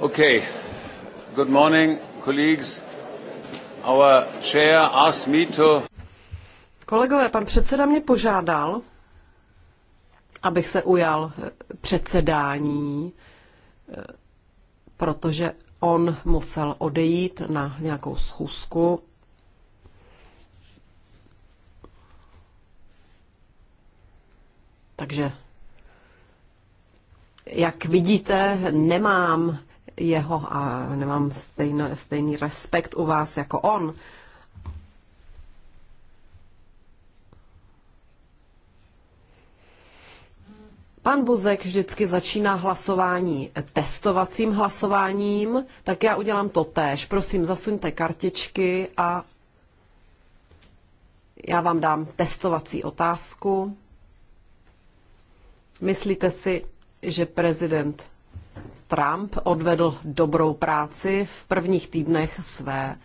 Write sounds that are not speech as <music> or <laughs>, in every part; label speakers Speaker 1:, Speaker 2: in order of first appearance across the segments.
Speaker 1: Okay. Good morning, colleagues. Our chair asked me to...
Speaker 2: Kolegové, pan předseda mě požádal, abych se ujal eh, předsedání, eh, protože on musel odejít na nějakou schůzku. Takže jak vidíte, nemám jeho a nemám stejno, stejný respekt u vás jako on. Pan Buzek vždycky začíná hlasování testovacím hlasováním, tak já udělám to též. Prosím, zasuňte kartičky a já vám dám testovací otázku. Myslíte si, že prezident Trump odvedl dobrou práci v prvních týdnech své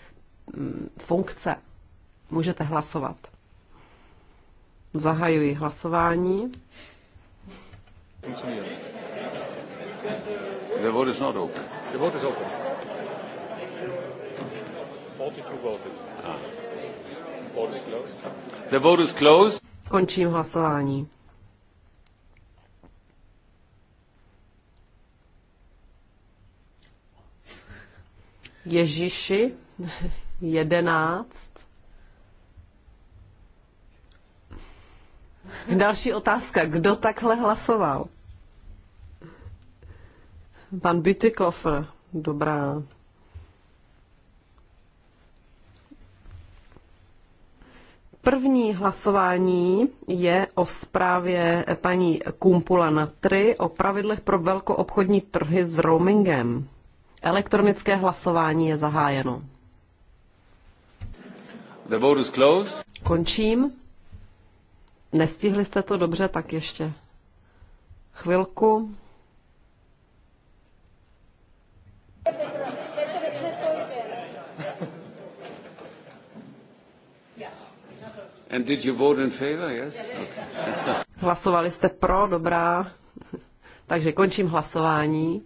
Speaker 2: mm, funkce. Můžete hlasovat. Zahajuji hlasování.
Speaker 1: The vote is not open. The vote is open. 42 voted. Ah. The vote is closed. The vote is closed.
Speaker 2: Končím hlasování. Ježíši 11. <laughs> Další otázka. Kdo takhle hlasoval? Pan Bütikofer. Dobrá. První hlasování je o zprávě paní Kumpula Natry o pravidlech pro velkoobchodní trhy s roamingem. Elektronické hlasování je zahájeno.
Speaker 1: The vote is closed.
Speaker 2: Končím. Nestihli jste to dobře, tak ještě chvilku.
Speaker 1: And did you vote in favor? Yes? Okay.
Speaker 2: Hlasovali jste pro, dobrá. Takže končím hlasování.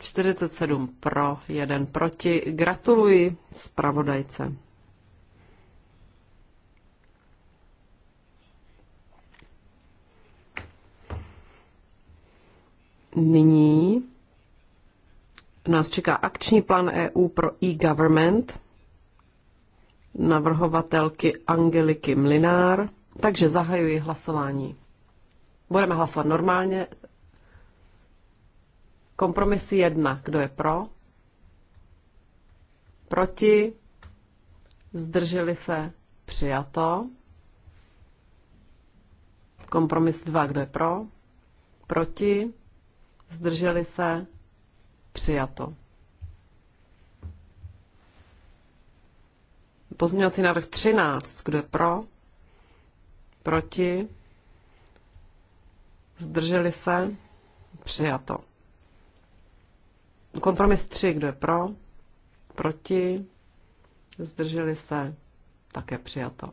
Speaker 2: 47 pro, 1 proti. Gratuluji zpravodajce. Nyní nás čeká akční plán EU pro e-government navrhovatelky Angeliky Mlinár. Takže zahajuji hlasování. Budeme hlasovat normálně, Kompromis jedna, Kdo je pro? Proti? Zdrželi se? Přijato. Kompromis dva. Kdo je pro? Proti? Zdrželi se? Přijato. Pozměňovací návrh 13. Kdo je pro? Proti? Zdrželi se? Přijato. Kompromis 3, kdo je pro, proti, zdrželi se, také přijato.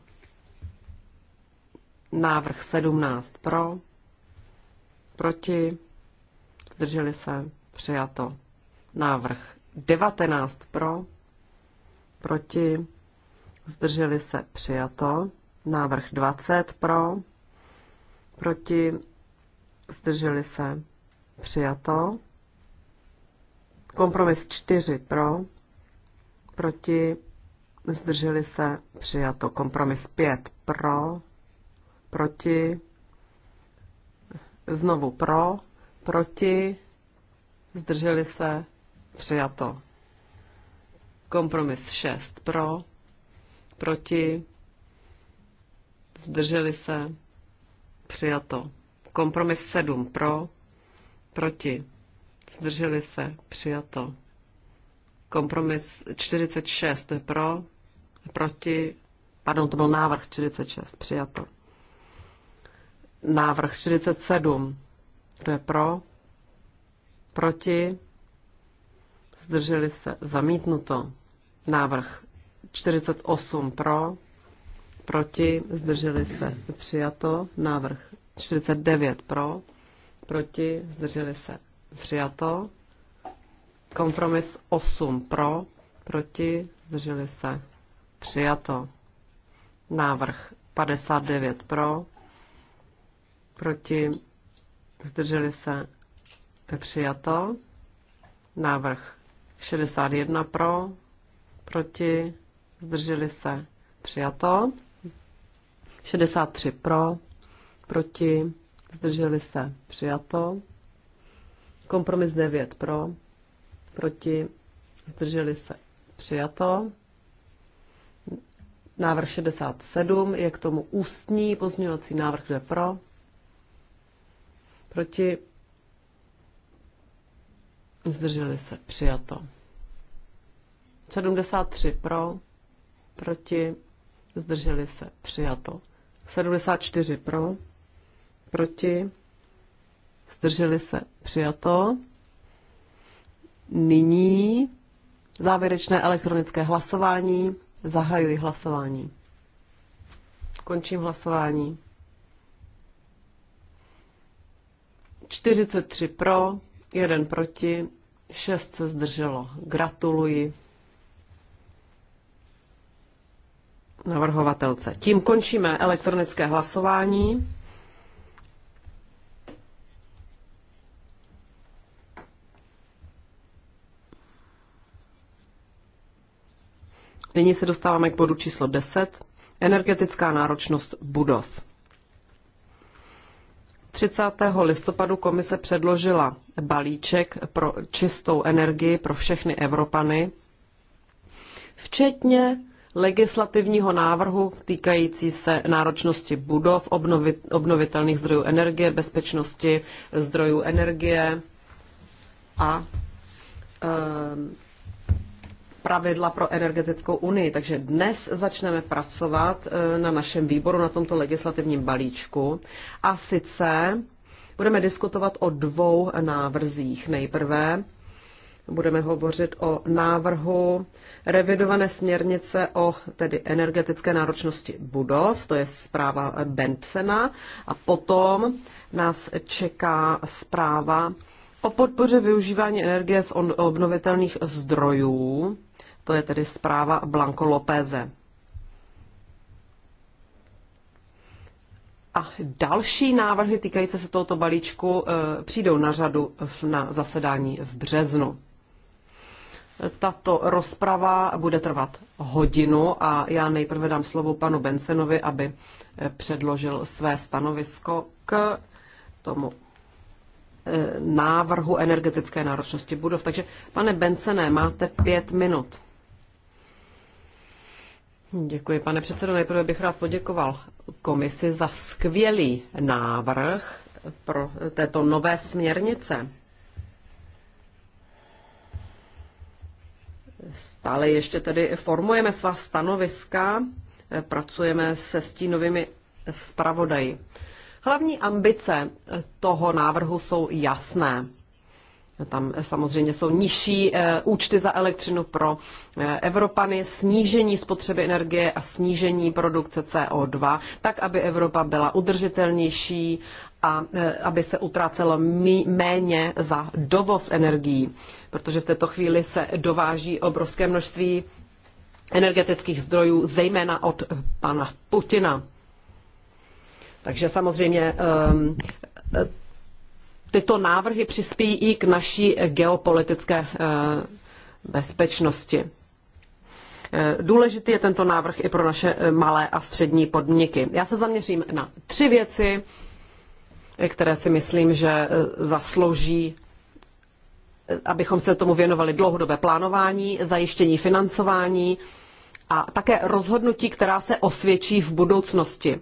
Speaker 2: Návrh 17 pro, proti, zdrželi se, přijato. Návrh 19 pro, proti, zdrželi se, přijato. Návrh 20 pro, proti, zdrželi se, přijato. Kompromis 4 pro, proti, zdrželi se, přijato. Kompromis 5 pro, proti, znovu pro, proti, zdrželi se, přijato. Kompromis 6 pro, proti, zdrželi se, přijato. Kompromis 7 pro, proti, zdrželi se, přijato. Kompromis 46 je pro, proti, pardon, to byl návrh 46, přijato. Návrh 47, kdo je pro, proti, zdrželi se, zamítnuto. Návrh 48 pro, proti, zdrželi se, přijato. Návrh 49 pro, proti, zdrželi se, Přijato. Kompromis 8 pro, proti, zdrželi se. Přijato. Návrh 59 pro, proti, zdrželi se. Přijato. Návrh 61 pro, proti, zdrželi se. Přijato. 63 pro, proti, zdrželi se. Přijato. Kompromis 9 pro, proti, zdrželi se přijato. Návrh 67 je k tomu ústní pozměňovací návrh, kdo pro, proti, zdrželi se přijato. 73 pro, proti, zdrželi se přijato. 74 pro, proti, zdrželi se, přijato. Nyní závěrečné elektronické hlasování. Zahajuji hlasování. Končím hlasování. 43 pro, 1 proti, 6 se zdrželo. Gratuluji navrhovatelce. Tím končíme elektronické hlasování. Nyní se dostáváme k bodu číslo 10. Energetická náročnost budov. 30. listopadu komise předložila balíček pro čistou energii pro všechny Evropany, včetně legislativního návrhu týkající se náročnosti budov, obnovit, obnovitelných zdrojů energie, bezpečnosti zdrojů energie a e, pravidla pro energetickou unii. Takže dnes začneme pracovat e, na našem výboru, na tomto legislativním balíčku. A sice budeme diskutovat o dvou návrzích. Nejprve budeme hovořit o návrhu revidované směrnice o tedy energetické náročnosti budov, to je zpráva Bentsena, a potom nás čeká zpráva o podpoře využívání energie z obnovitelných zdrojů. To je tedy zpráva Blanco Lopéze. A další návrhy týkající se tohoto balíčku eh, přijdou na řadu na zasedání v březnu. Tato rozprava bude trvat hodinu a já nejprve dám slovo panu Bensenovi, aby eh, předložil své stanovisko k tomu eh, návrhu energetické náročnosti budov. Takže pane Bensené, máte pět minut. Děkuji, pane předsedo. Nejprve bych rád poděkoval komisi za skvělý návrh pro této nové směrnice. Stále ještě tedy formujeme svá stanoviska, pracujeme se stínovými zpravodaji. Hlavní ambice toho návrhu jsou jasné. Tam samozřejmě jsou nižší eh, účty za elektřinu pro eh, Evropany, snížení spotřeby energie a snížení produkce CO2, tak aby Evropa byla udržitelnější a eh, aby se utrácelo méně za dovoz energií, protože v této chvíli se dováží obrovské množství energetických zdrojů, zejména od pana Putina. Takže samozřejmě ehm, tyto návrhy přispějí i k naší geopolitické eh, bezpečnosti. Eh, důležitý je tento návrh i pro naše eh, malé a střední podniky. Já se zaměřím na tři věci, které si myslím, že zaslouží abychom se tomu věnovali dlouhodobé plánování, zajištění financování a také rozhodnutí, která se osvědčí v budoucnosti.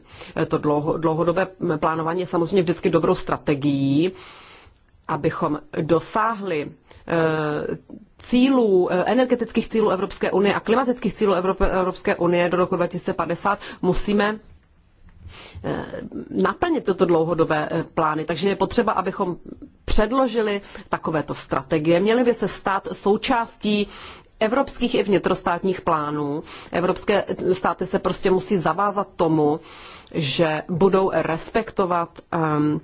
Speaker 2: To dlouhodobé plánování je samozřejmě vždycky dobrou strategií, abychom dosáhli eh, cílů, eh, energetických cílů Evropské unie a klimatických cílů Evropské unie do roku 2050, musíme eh, naplnit tyto dlouhodobé plány. Takže je potřeba, abychom předložili takovéto strategie. Měly by se stát součástí evropských i vnitrostátních plánů. Evropské státy se prostě musí zavázat tomu, že budou respektovat um,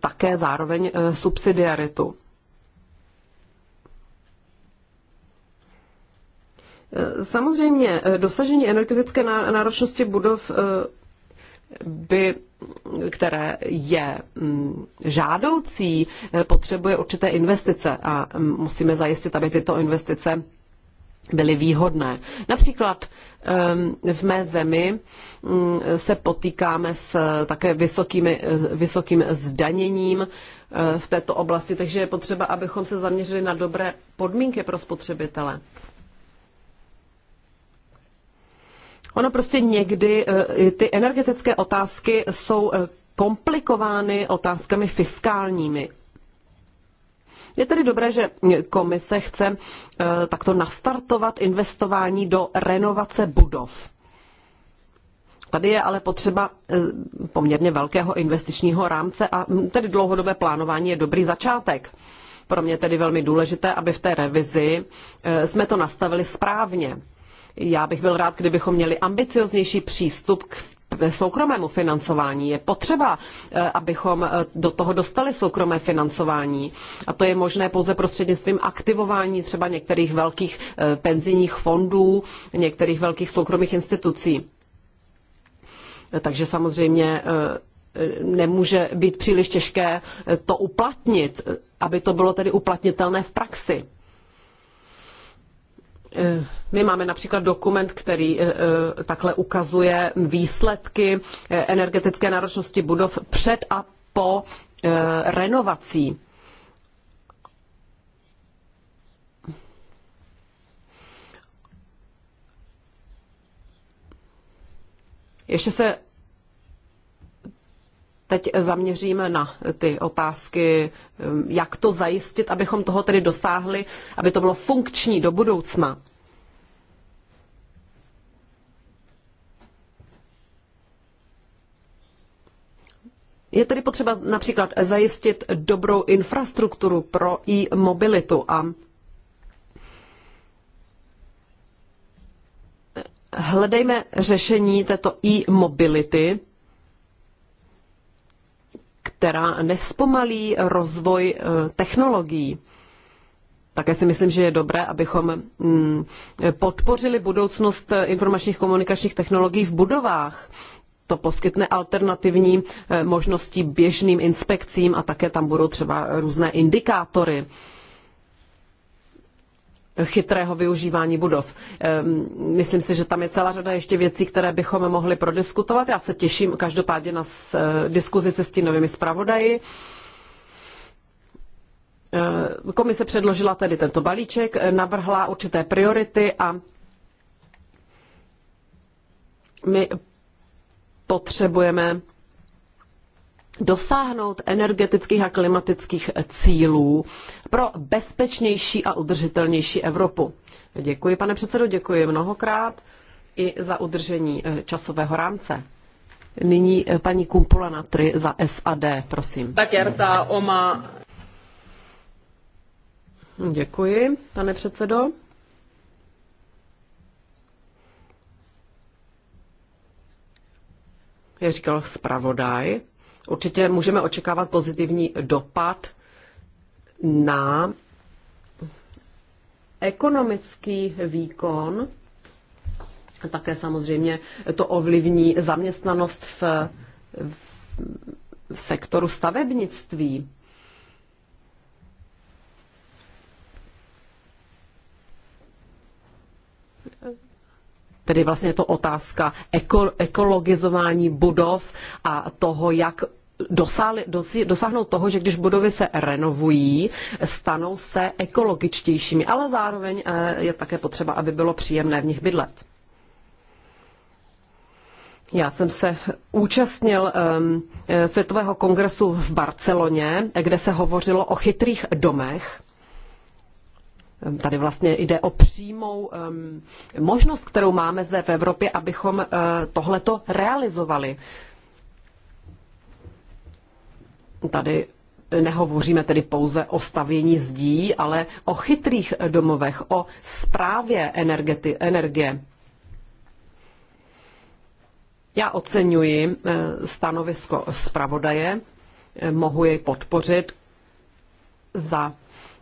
Speaker 2: také zároveň eh, subsidiaritu. Eh, samozřejmě eh, dosažení energetické náročnosti budov by, které je mm, žádoucí, potřebuje určité investice a mm, musíme zajistit, aby tyto investice byly výhodné. Například v mé zemi mm, se potýkáme s eh, také vysokými, eh, vysokým zdaněním eh, v této oblasti, takže je potřeba, abychom se zaměřili na dobré podmínky pro spotřebitele. Ono prostě někdy ty energetické otázky jsou komplikovány otázkami fiskálními. Je tedy dobré, že komise chce eh, takto nastartovat investování do renovace budov. Tady je ale potřeba eh, poměrně velkého investičního rámce a hm, tedy dlouhodobé plánování je dobrý začátek. Pro mě tedy velmi důležité, aby v té revizi eh, jsme to nastavili správně. Já bych byl rád, kdybychom měli ambicioznější přístup k Eh, soukromému financování. Je potřeba, eh, abychom eh, do toho dostali soukromé financování. A to je možné pouze prostřednictvím aktivování třeba některých velkých penzijních fondů, některých velkých soukromých institucí. Takže samozřejmě nemůže být příliš těžké to uplatnit, aby to bylo tedy uplatnitelné v praxi. Eh, my máme například dokument, který eh, eh, takhle ukazuje výsledky energetické náročnosti budov před a po renovací. Ještě se teď zaměříme na ty otázky, eh, jak to zajistit, abychom toho tedy dosáhli, aby to bylo funkční do budoucna. Je tedy potřeba například zajistit dobrou infrastrukturu pro e-mobilitu a hledejme řešení této e-mobility která nespomalí rozvoj eh, technologií. Také si myslím, že je dobré, abychom mm, podpořili budoucnost eh, informačních komunikačních technologií v budovách. To poskytne alternativní eh, možnosti běžným inspekcím a také tam budou třeba různé indikátory chytrého využívání budov. Ehm, myslím si, že tam je celá řada ještě věcí, které bychom mohli prodiskutovat. Já se těším každopádně na eh, diskuzi se stínovými zpravodaji. Ehm, komise předložila tedy tento balíček, navrhla určité priority a my potřebujeme dosáhnout energetických a klimatických cílů pro bezpečnější a udržitelnější Evropu. Děkuji, pane předsedo, děkuji mnohokrát i za udržení eh, časového rámce. Nyní eh, paní Kumpula Natry za SAD, prosím. Tak Jarta Oma. Děkuji, pane předsedo. Jak říkal zpravodaj, určitě můžeme očekávat pozitivní dopad na ekonomický výkon. Také samozřejmě to ovlivní zaměstnanost v, v, v sektoru stavebnictví. tedy vlastně je to otázka ekologizování budov a toho, jak dosáhnout toho, že když budovy se renovují, stanou se ekologičtějšími, ale zároveň eh, je také potřeba, aby bylo příjemné v nich bydlet. Já jsem se účastnil um, Světového kongresu v Barceloně, kde se hovořilo o chytrých domech Ehm, tady vlastně jde o přímou ehm, možnost, kterou máme zde v Evropě, abychom eh, tohleto realizovali. Tady nehovoříme tedy pouze o stavění zdí, ale o chytrých domovech, o správě energety, energie. Já oceňuji eh, stanovisko zpravodaje, eh, mohu jej podpořit za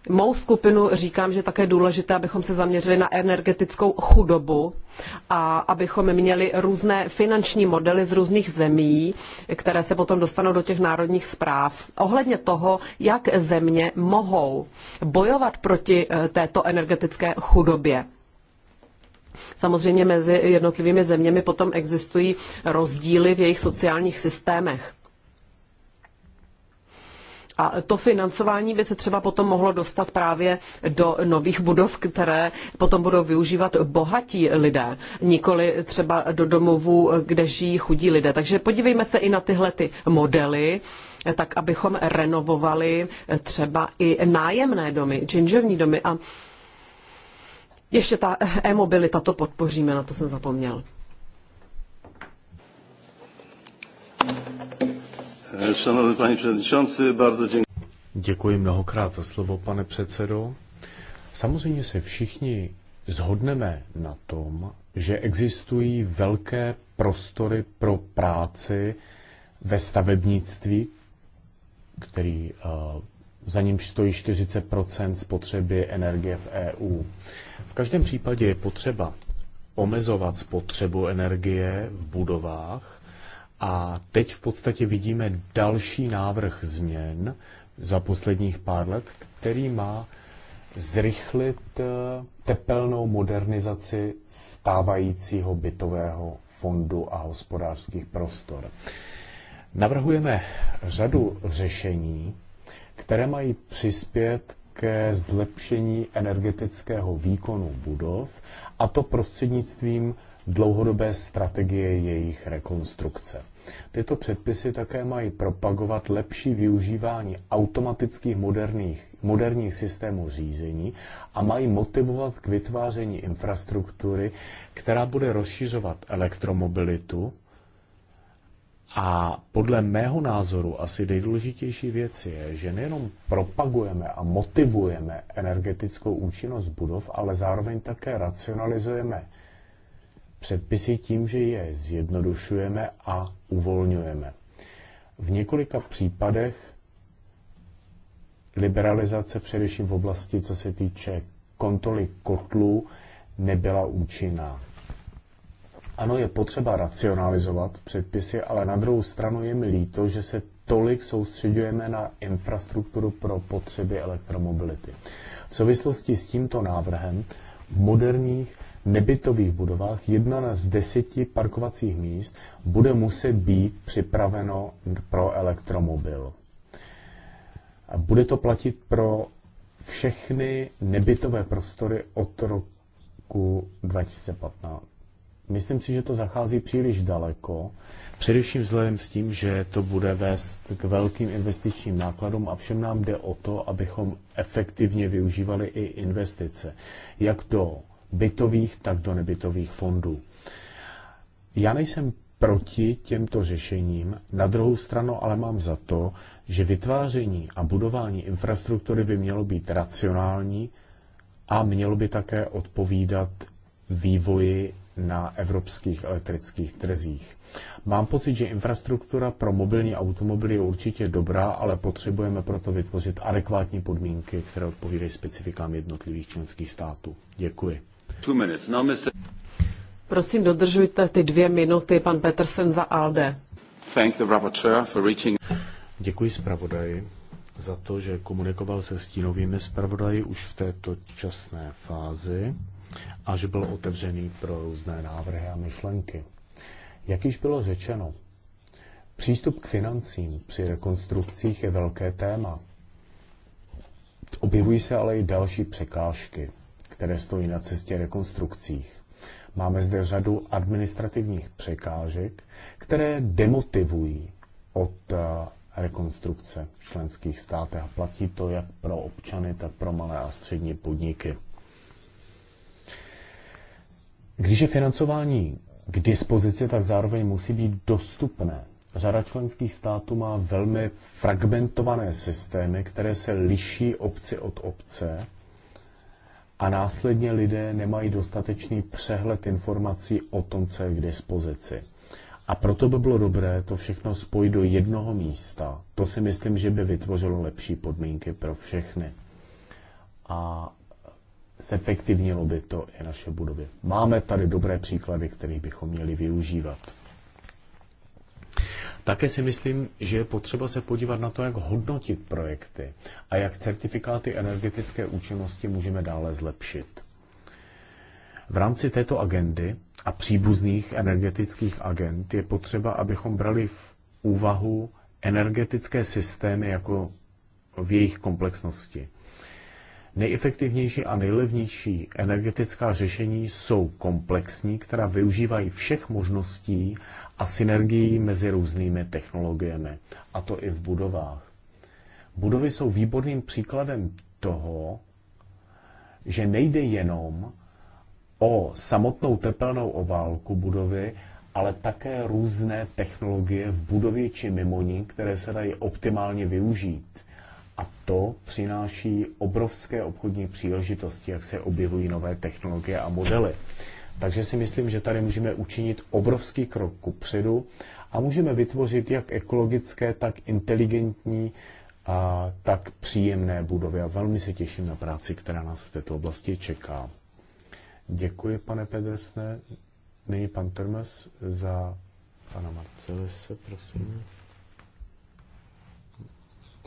Speaker 2: mou skupinu říkám, že je také důležité, abychom se zaměřili na energetickou chudobu a abychom měli různé finanční modely z různých zemí, které se potom dostanou do těch národních zpráv. Ohledně toho, jak země mohou bojovat proti eh, této energetické chudobě. Samozřejmě mezi jednotlivými zeměmi potom existují rozdíly v jejich sociálních systémech. A to financování by se třeba potom mohlo dostat právě do nových budov, které potom budou využívat bohatí lidé, nikoli třeba do domovů, kde žijí chudí lidé. Takže podívejme se i na tyhle ty modely tak abychom renovovali třeba i nájemné domy, činžovní domy a ještě ta e-mobilita, to podpoříme, na to jsem zapomněl.
Speaker 3: E, Szanowny panie przewodniczący, bardzo dziękuję. Děkuji mnohokrát za slovo, pane předsedo. Samozřejmě se všichni zhodneme na tom, že existují velké prostory pro práci ve stavebnictví, který e, za nímž stojí 40 spotřeby energie v EU. V každém případě je potřeba omezovat spotřebu energie v budovách a teď v podstatě vidíme další návrh změn za posledních pár let, který má zrychlit eh, tepelnou modernizaci stávajícího bytového fondu a hospodářských prostor. Navrhujeme řadu řešení, které mají přispět ke zlepšení energetického výkonu budov, a to prostřednictvím dlouhodobé strategie jejich rekonstrukce. Tyto předpisy také mají propagovat lepší využívání automatických moderních, moderních systémů řízení a mají motivovat k vytváření infrastruktury, která bude rozšířovat elektromobilitu. A podle mého názoru asi nejdůležitější věc je, že nejenom propagujeme a motivujeme energetickou účinnost budov, ale zároveň také racionalizujeme předpisy tím, že je zjednodušujeme a uvolňujeme. V několika případech liberalizace, především v oblasti, co se týče kontroly kotlů, nebyla účinná. Ano, je potřeba racionalizovat předpisy, ale na druhou stranu je mi líto, že se tolik soustředujeme na infrastrukturu pro potřeby elektromobility. V souvislosti s tímto návrhem moderních nebytových budovách jedna z deseti parkovacích míst bude muset být připraveno pro elektromobil. A bude to platit pro všechny nebytové prostory od roku 2015. Myslím si, že to zachází příliš daleko, především vzhledem s tím, že to bude vést k velkým investičním nákladům a všem nám jde o to, abychom efektivně využívali i investice, jak do bytových, tak do nebytových fondů. Já nejsem proti těmto řešením, na druhou stranu ale mám za to, že vytváření a budování infrastruktury by mělo být racionální a mělo by také odpovídat vývoji na evropských elektrických trzích. Mám pocit, že infrastruktura pro mobilní automobily je určitě dobrá, ale potřebujeme proto vytvořit adekvátní podmínky, které odpovídají specifikám jednotlivých členských států. Děkuji.
Speaker 2: Prosím, dodržujte ty dvě minuty, pan Petersen za ALDE.
Speaker 3: Thank the for reaching... Děkuji zpravodaji za to, že komunikoval se stínovými zpravodaji už v této časné fázi a že byl otevřený pro různé návrhy a myšlenky. Jak již bylo řečeno, přístup k financím při rekonstrukcích je velké téma. Objevují se ale i další překážky které stojí na cestě rekonstrukcích. Máme zde řadu administrativních překážek, které demotivují od eh, rekonstrukce v členských státech a platí to jak pro občany, tak pro malé a střední podniky. Když je financování k dispozici, tak zároveň musí být dostupné. Řada členských států má velmi fragmentované systémy, které se liší obci od obce a následně lidé nemají dostatečný přehled informací o tom, co je k dispozici. A proto by bylo dobré to všechno spojit do jednoho místa. To si myslím, že by vytvořilo lepší podmínky pro všechny. A zefektivnilo by to i naše budovy. Máme tady dobré příklady, které bychom měli využívat. Také si myslím, že je potřeba se podívat na to, jak hodnotit projekty a jak certifikáty energetické účinnosti můžeme dále zlepšit. V rámci této agendy a příbuzných energetických agent je potřeba, abychom brali v úvahu energetické systémy jako v jejich komplexnosti. Nejefektivnější a nejlevnější energetická řešení jsou komplexní, která využívají všech možností a synergií mezi různými technologiemi, a to i v budovách. Budovy jsou výborným příkladem toho, že nejde jenom o samotnou tepelnou obálku budovy, ale také různé technologie v budově či mimo ní, které se dají optimálně využít to přináší obrovské obchodní příležitosti, jak se objevují nové technologie a modely. Takže si myslím, že tady můžeme učinit obrovský krok ku předu a můžeme vytvořit jak ekologické, tak inteligentní a tak příjemné budovy. A velmi se těším na práci, která nás v této oblasti čeká. Děkuji, pane Pedersne. Nyní pan Termes za pana Marcelise, prosím.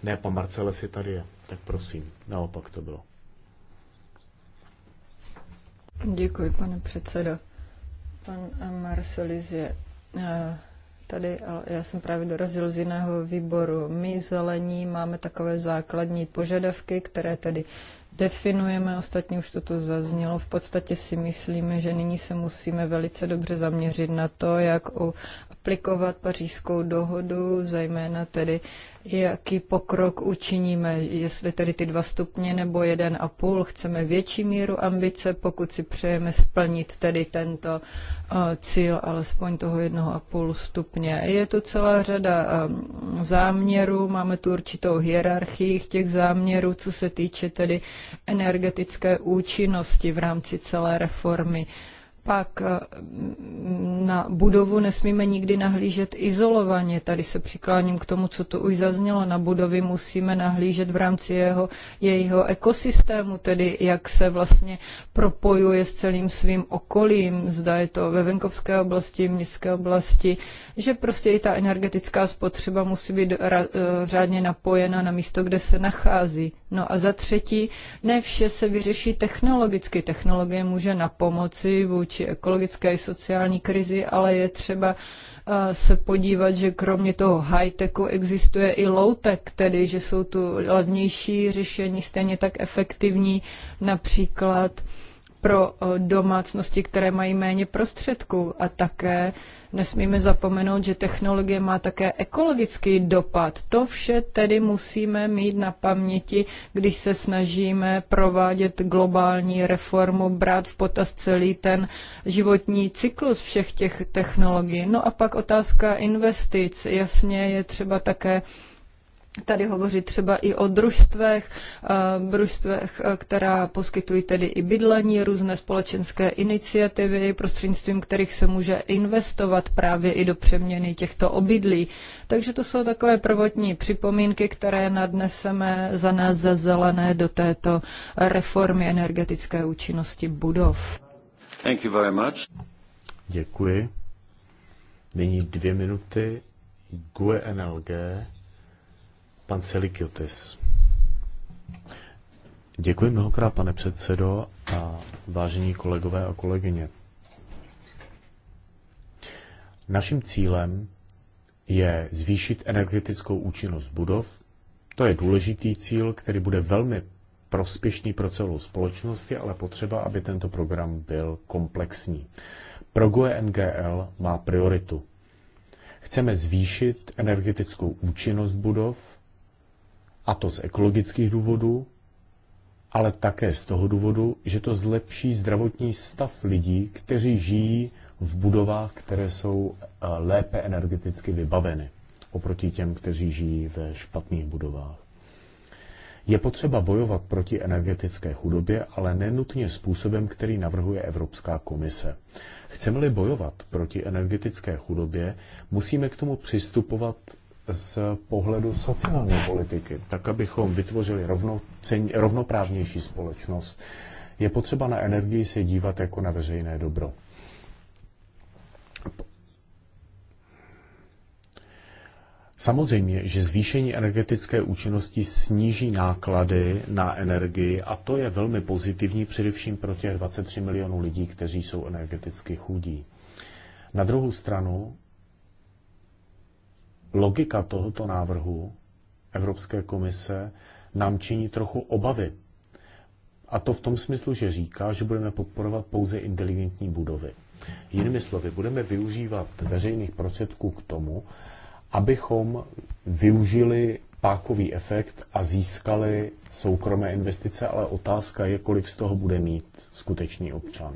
Speaker 3: Ne, pan Marceles si tady Tak prosím, naopak to bylo.
Speaker 4: Děkuji, pane předsedo. Pan Marcelis je eh, tady, ale já jsem právě dorazil z jiného výboru. My zelení máme takové základní požadavky, které tedy definujeme, ostatně už toto zaznělo. V podstatě si myslíme, že nyní se musíme velice dobře zaměřit na to, jak u aplikovat pařížskou dohodu, zejména tedy jaký pokrok učiníme, jestli tedy ty dva stupně nebo jeden a půl. Chceme větší míru ambice, pokud si přejeme splnit tedy tento eh, cíl alespoň toho jednoho a půl stupně. Je to celá řada eh, záměrů, máme tu určitou hierarchii těch záměrů, co se týče tedy energetické účinnosti v rámci celé reformy. Pak eh, na budovu nesmíme nikdy nahlížet izolovaně. Tady se přikláním k tomu, co tu už zaznělo. Na budovy musíme nahlížet v rámci jeho, jejího ekosystému, tedy jak se vlastně propojuje s celým svým okolím, zda je to ve venkovské oblasti, městské oblasti, že prostě i ta energetická spotřeba musí být eh, řádně napojena na místo, kde se nachází. No a za třetí, ne vše se vyřeší technologicky. Technologie může na pomoci vůči ekologické i sociální krizi, ale je třeba eh, se podívat, že kromě toho high-techu existuje i low-tech, tedy že jsou tu levnější řešení, stejně tak efektivní, například pro domácnosti, které mají méně prostředků. A také nesmíme zapomenout, že technologie má také ekologický dopad. To vše tedy musíme mít na paměti, když se snažíme provádět globální reformu, brát v potaz celý ten životní cyklus všech těch technologií. No a pak otázka investic. Jasně je třeba také Tady hovoří třeba i o družstvech, eh, družstvech, eh, která poskytují tedy i bydlení, různé společenské iniciativy, prostřednictvím kterých se může investovat právě i do přeměny těchto obydlí. Takže to jsou takové prvotní připomínky, které nadneseme za nás ze zelené do této reformy energetické účinnosti budov.
Speaker 3: Thank you very much. Děkuji. Nyní dvě minuty. GUE NLG. Pan Selikiotis. Děkuji mnohokrát, pane předsedo a vážení kolegové a kolegyně. Naším cílem je zvýšit energetickou účinnost budov. To je důležitý cíl, který bude velmi prospěšný pro celou společnost, je ale potřeba, aby tento program byl komplexní. Pro GUE NGL má prioritu. Chceme zvýšit energetickou účinnost budov, a to z ekologických důvodů, ale také z toho důvodu, že to zlepší zdravotní stav lidí, kteří žijí v budovách, které jsou eh, lépe energeticky vybaveny oproti těm, kteří žijí ve špatných budovách. Je potřeba bojovat proti energetické chudobě, ale nenutně způsobem, který navrhuje Evropská komise. Chceme-li bojovat proti energetické chudobě, musíme k tomu přistupovat z pohledu sociální politiky, tak abychom vytvořili rovnocen, rovnoprávnější společnost, je potřeba na energii se dívat jako na veřejné dobro. Samozřejmě, že zvýšení energetické účinnosti sníží náklady na energii a to je velmi pozitivní především pro těch 23 milionů lidí, kteří jsou energeticky chudí. Na druhou stranu logika tohoto návrhu Evropské komise nám činí trochu obavy. A to v tom smyslu, že říká, že budeme podporovat pouze inteligentní budovy. Jinými slovy, budeme využívat veřejných prostředků k tomu, abychom využili pákový efekt a získali soukromé investice, ale otázka je, kolik z toho bude mít skutečný občan.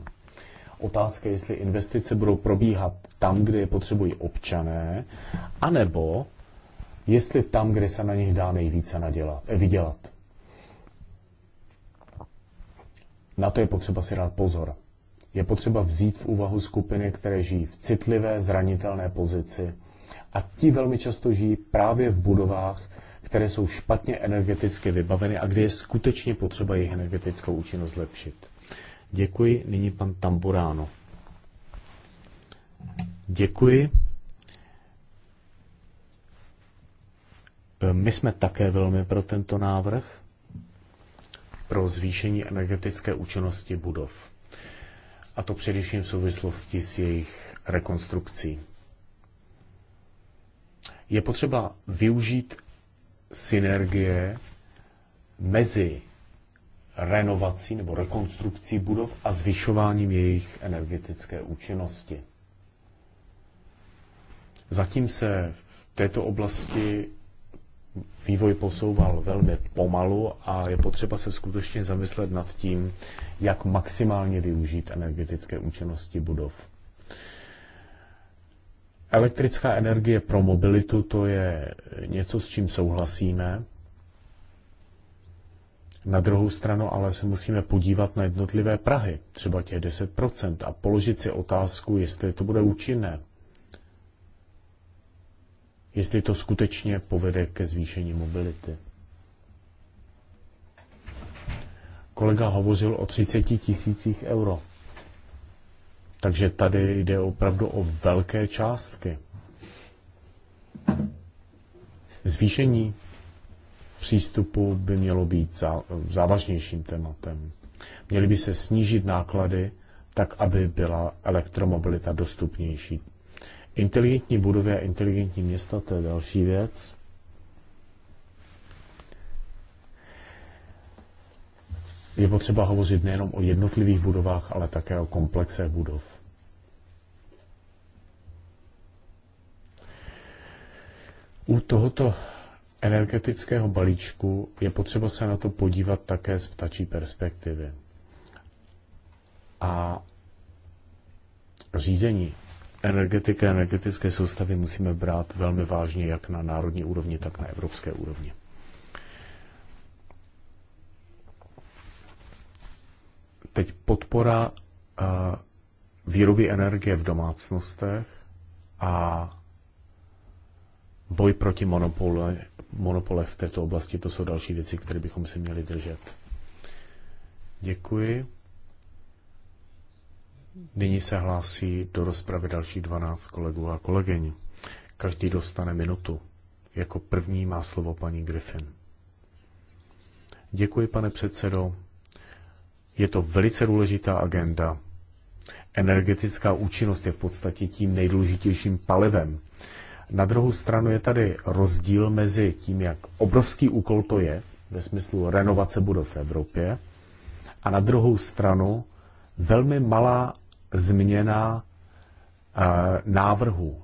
Speaker 3: Otázka, jestli investice budou probíhat tam, kde je potřebují občané, anebo jestli tam, kde se na nich dá nejvíce nadělat, eh, vydělat. Na to je potřeba si dát pozor. Je potřeba vzít v úvahu skupiny, které žijí v citlivé, zranitelné pozici a ti velmi často žijí právě v budovách, které jsou špatně energeticky vybaveny a kde je skutečně potřeba jejich energetickou účinnost zlepšit. Děkuji. Nyní pan Tamburáno. Děkuji. My jsme také velmi pro tento návrh pro zvýšení energetické účinnosti budov. A to především v souvislosti s jejich rekonstrukcí. Je potřeba využít synergie mezi renovací nebo rekonstrukcí budov a zvyšováním jejich energetické účinnosti. Zatím se v této oblasti vývoj posouval velmi pomalu a je potřeba se skutečně zamyslet nad tím, jak maximálně využít energetické účinnosti budov. Elektrická energie pro mobilitu to je něco, s čím souhlasíme. Na druhou stranu ale se musíme podívat na jednotlivé Prahy, třeba těch 10%, a položit si otázku, jestli to bude účinné. Jestli to skutečně povede ke zvýšení mobility. Kolega hovořil o 30 tisících euro. Takže tady jde opravdu o velké částky. Zvýšení přístupu by mělo být závažnějším tématem. Měly by se snížit náklady, tak aby byla elektromobilita dostupnější. Inteligentní budovy a inteligentní města, to je další věc. Je potřeba hovořit nejenom o jednotlivých budovách, ale také o komplexech budov. U tohoto energetického balíčku je potřeba se na to podívat také z ptačí perspektivy. A řízení energetiky a energetické soustavy musíme brát velmi vážně jak na národní úrovni, tak na evropské úrovni. Teď podpora eh, výroby energie v domácnostech a boj proti monopole, monopole v této oblasti, to jsou další věci, které bychom si měli držet. Děkuji. Nyní se hlásí do rozpravy další 12 kolegů a kolegyň. Každý dostane minutu. Jako první má slovo paní Griffin. Děkuji, pane předsedo. Je to velice důležitá agenda. Energetická účinnost je v podstatě tím nejdůležitějším palivem. Na druhou stranu je tady rozdíl mezi tím, jak obrovský úkol to je, ve smyslu renovace budov v Evropě, a na druhou stranu velmi malá změna eh, návrhu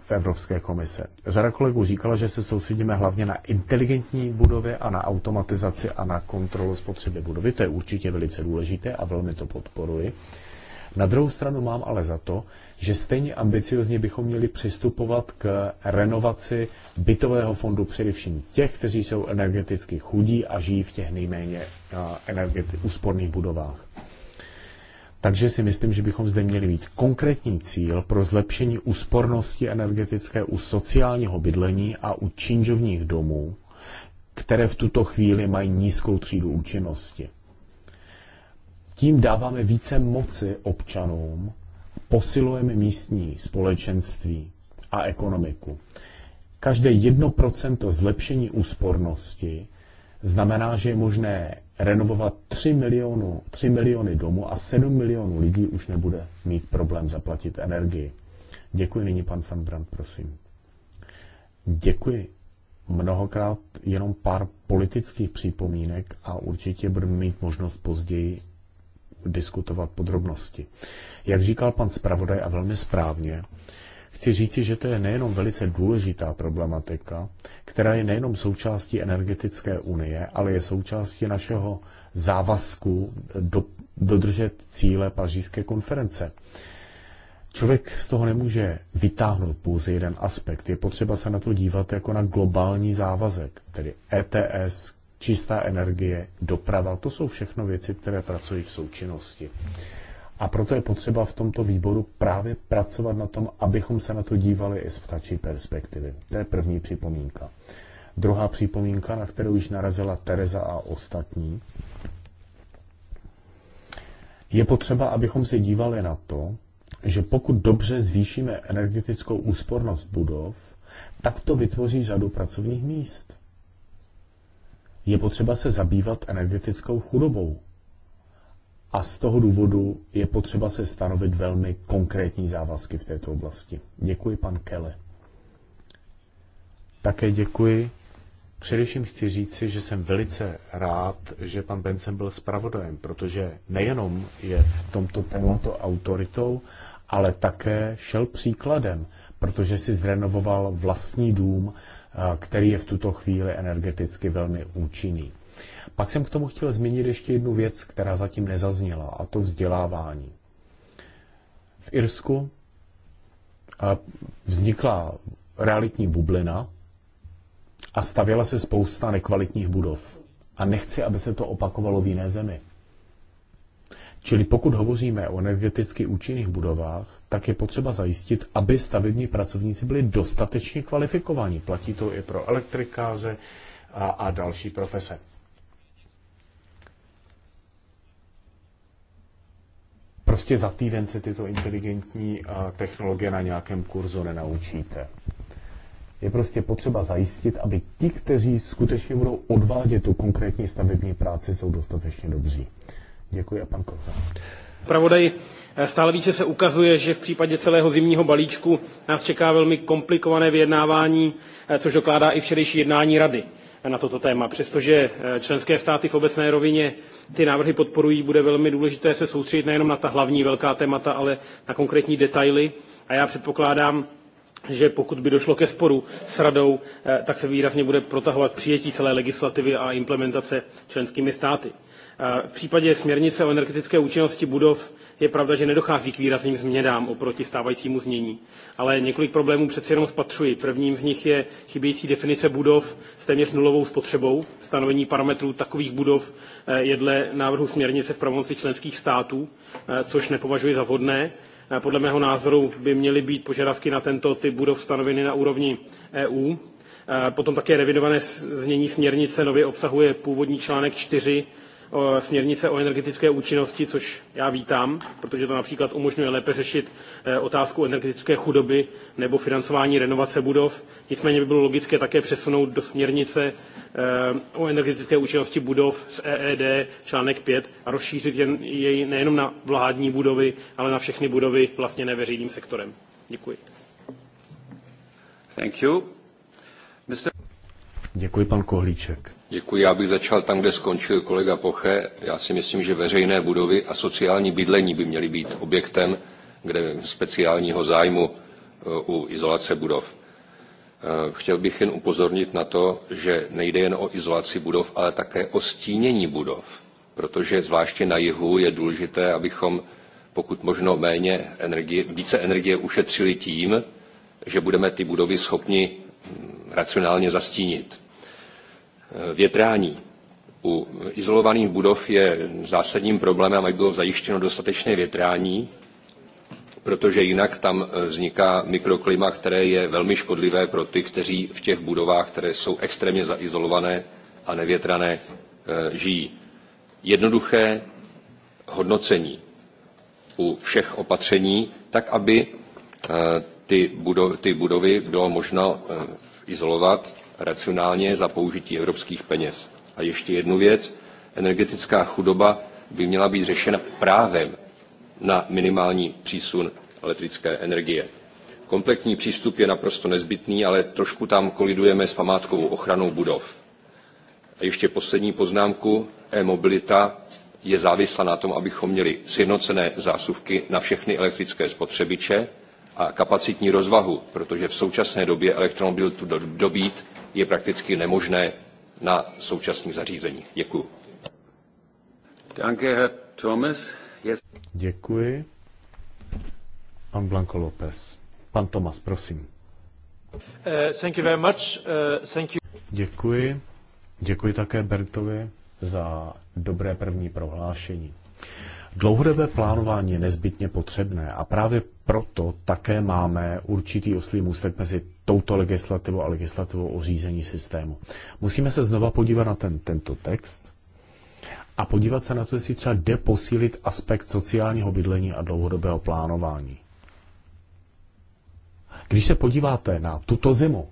Speaker 3: v Evropské komise. Řada kolegů říkala, že se soustředíme hlavně na inteligentní budovy a na automatizaci a na kontrolu spotřeby budovy. To je určitě velice důležité a velmi to podporuji. Na druhou stranu mám ale za to, že stejně ambiciozně bychom měli přistupovat k renovaci bytového fondu především těch, kteří jsou energeticky chudí a žijí v těch nejméně úsporných budovách. Takže si myslím, že bychom zde měli mít konkrétní cíl pro zlepšení úspornosti energetické u sociálního bydlení a u činžovních domů, které v tuto chvíli mají nízkou třídu účinnosti. Tím dáváme více moci občanům, posilujeme místní společenství a ekonomiku. Každé 1% zlepšení úspornosti znamená, že je možné renovovat 3, milionu, 3 miliony domů a 7 milionů lidí už nebude mít problém zaplatit energii. Děkuji nyní, pan Van Brandt, prosím. Děkuji mnohokrát jenom pár politických připomínek a určitě budeme mít možnost později diskutovat podrobnosti. Jak říkal pan zpravodaj a velmi správně, Chci říci, že to je nejenom velice důležitá problematika, která je nejenom součástí energetické unie, ale je součástí našeho závazku do, dodržet cíle pařížské konference. Člověk z toho nemůže vytáhnout pouze jeden aspekt. Je potřeba se na to dívat jako na globální závazek, tedy ETS, čistá energie, doprava, to jsou všechno věci, které pracují v součinnosti. A proto je potřeba v tomto výboru právě pracovat na tom, abychom se na to dívali i z ptačí perspektivy. To je první připomínka. Druhá připomínka, na kterou již narazila Tereza a ostatní, je potřeba, abychom se dívali na to, že pokud dobře zvýšíme energetickou úspornost budov, tak to vytvoří řadu pracovních míst. Je potřeba se zabývat energetickou chudobou. A z toho důvodu je potřeba se stanovit velmi konkrétní závazky v této oblasti. Děkuji, pan Kelly. Také děkuji. Především chci říci, že jsem velice rád, že pan Benson byl zpravodajem, protože nejenom je v tomto tématu autoritou, ale také šel příkladem, protože si zrenovoval vlastní dům který je v tuto chvíli energeticky velmi účinný. Pak jsem k tomu chtěl zmínit ještě jednu věc, která zatím nezazněla, a to vzdělávání. V Irsku vznikla realitní bublina a stavěla se spousta nekvalitních budov. A nechci, aby se to opakovalo v jiné zemi. Čili pokud hovoříme o energeticky účinných budovách, tak je potřeba zajistit, aby stavební pracovníci byli dostatečně kvalifikovaní. Platí to i pro elektrikáře a, a další profese. Prostě za týden se tyto inteligentní technologie na nějakém kurzu nenaučíte. Je prostě potřeba zajistit, aby ti, kteří skutečně budou odvádět tu konkrétní stavební práci, jsou dostatečně dobří. Děkuji a pan Kouza.
Speaker 5: Pravodaj, stále více se ukazuje, že v případě celého zimního balíčku nás čeká velmi komplikované vyjednávání, eh, což dokládá i včerejší jednání rady na toto téma. Přestože eh, členské státy v obecné rovině ty návrhy podporují, bude velmi důležité se soustředit nejenom na ta hlavní velká témata, ale na konkrétní detaily. A já předpokládám, že pokud by došlo ke sporu s radou, eh, tak se výrazně bude protahovat přijetí celé legislativy a implementace členskými státy. Eh, v případě směrnice o energetické účinnosti budov je pravda, že nedochází k výrazným změnám oproti stávajícímu znění, ale několik problémů přeci jenom spatřuji. Prvním z nich je chybějící definice budov s téměř nulovou spotřebou. Stanovení parametrů takových budov eh, je dle návrhu směrnice v pravomoci členských států, což nepovažuji za vhodné. Eh, podle mého názoru by měly být požadavky na tento typ budov stanoveny na úrovni EU. Eh, potom také revidované znění směrnice nově obsahuje původní článek 4 směrnice o energetické účinnosti, což já vítám, protože to například umožňuje lépe řešit e, otázku energetické chudoby nebo financování renovace budov. Nicméně by bylo logické také přesunout do směrnice e, o energetické účinnosti budov z EED článek 5 a rozšířit jen, jej nejenom na vládní budovy, ale na všechny budovy vlastně neveřejným sektorem. Děkuji.
Speaker 1: Thank you.
Speaker 3: Mr. Děkuji, pan Kohlíček.
Speaker 1: Děkuji. Já bych začal tam, kde skončil kolega Poche. Já si myslím, že veřejné budovy a sociální bydlení by měly být objektem kde speciálního zájmu eh, u izolace budov. Eh, chtěl bych jen upozornit na to, že nejde jen o izolaci budov, ale také o stínění budov, protože zvláště na jihu je důležité, abychom pokud možno méně energie, více energie ušetřili tím, že budeme ty budovy schopni hm, racionálně zastínit Větrání u izolovaných budov je zásadním problémem, aby bylo zajištěno dostatečné větrání, protože jinak tam eh, vzniká mikroklima, které je velmi škodlivé pro ty, kteří v těch budovách, které jsou extrémně zaizolované a nevětrané, eh, žijí. Jednoduché hodnocení u všech opatření, tak aby eh, ty budovy bylo možno izolovat racionálně za použití evropských peněz. A ještě jednu věc, energetická chudoba by měla být řešena právem na minimální přísun elektrické energie. Komplexní přístup je naprosto nezbytný, ale trošku tam kolidujeme s památkovou ochranou budov. A ještě poslední poznámku. E-mobilita je závislá na tom, abychom měli sjednocené zásuvky na všechny elektrické spotřebiče a kapacitní rozvahu, protože v současné době elektromobil tu dobít je prakticky nemožné na současných zařízeních. Děkuji. Danke, Herr Thomas. Yes.
Speaker 3: Děkuji. Pan Blanco López. Pan Tomas, prosím.
Speaker 5: Uh, thank you very much. Uh, thank you.
Speaker 3: Děkuji. Děkuji také Bertovi za dobré první prohlášení. Dlouhodobé plánování je nezbytně potřebné a právě proto také máme určitý oslý můstek mezi touto legislativou a legislativou o řízení systému. Musíme se znova podívat na ten, tento text a podívat se na to, jestli třeba jde posílit aspekt sociálního bydlení a dlouhodobého plánování. Když se podíváte na tuto zimu,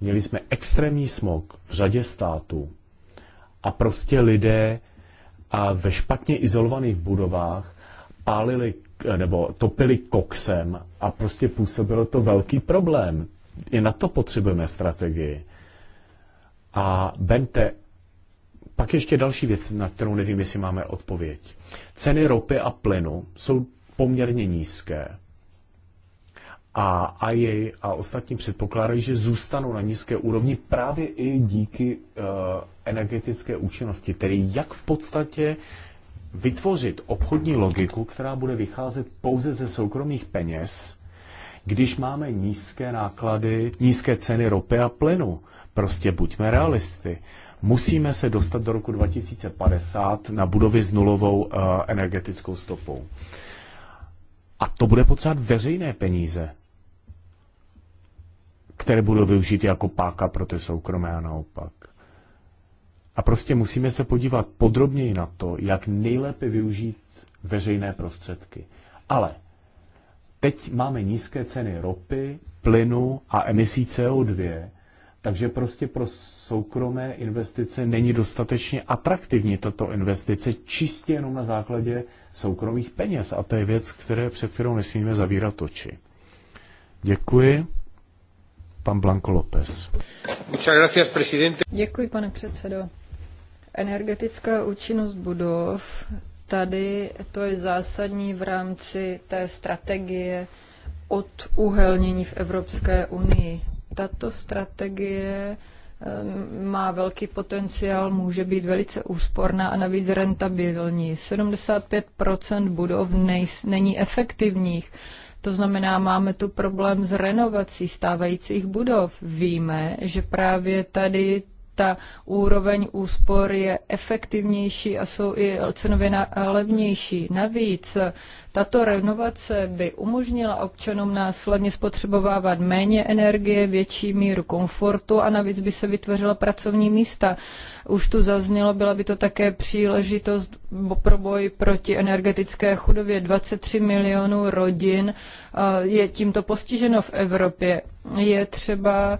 Speaker 3: měli jsme extrémní smog v řadě států a prostě lidé a ve špatně izolovaných budovách pálili nebo topili koksem a prostě působilo to velký problém. I na to potřebujeme strategii. A Bente, pak ještě další věc, na kterou nevím, jestli máme odpověď. Ceny ropy a plynu jsou poměrně nízké a IA a ostatní předpokládají, že zůstanou na nízké úrovni právě i díky uh, energetické účinnosti, tedy jak v podstatě vytvořit obchodní logiku, která bude vycházet pouze ze soukromých peněz, když máme nízké náklady, nízké ceny ropy a plynu. Prostě buďme realisty. Musíme se dostat do roku 2050 na budovy s nulovou uh, energetickou stopou. A to bude potřebovat veřejné peníze které budou využít jako páka pro ty soukromé a naopak. A prostě musíme se podívat podrobněji na to, jak nejlépe využít veřejné prostředky. Ale teď máme nízké ceny ropy, plynu a emisí CO2, takže prostě pro soukromé investice není dostatečně atraktivní tato investice čistě jenom na základě soukromých peněz. A to je věc, které, před kterou nesmíme zavírat oči. Děkuji pan Blanco López.
Speaker 4: Děkuji, pane předsedo. Energetická účinnost budov, tady to je zásadní v rámci té strategie od uhelnění v Evropské unii. Tato strategie ehm, má velký potenciál, může být velice úsporná a navíc rentabilní. 75 budov nej, není efektivních. To znamená, máme tu problém s renovací stávajících budov. Víme, že právě tady ta úroveň úspor je efektivnější a jsou i cenově levnější. Navíc tato renovace by umožnila občanům následně spotřebovávat méně energie, větší míru komfortu a navíc by se vytvořila pracovní místa. Už tu zaznělo, byla by to také příležitost pro boj proti energetické chudově. 23 milionů rodin eh, je tímto postiženo v Evropě. Je třeba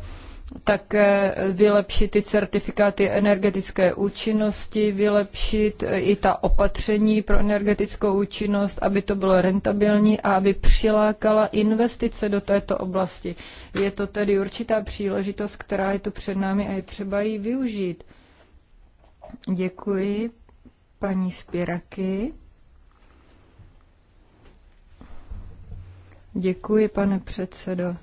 Speaker 4: také eh, vylepšit ty certifikáty energetické účinnosti, vylepšit eh, i ta opatření pro energetickou účinnost, aby to bylo rentabilní a aby přilákala investice do této oblasti. Je to tedy určitá příležitost, která je tu před námi a je třeba ji využít. Děkuji, paní Spiraky. Děkuji, pane předsedo.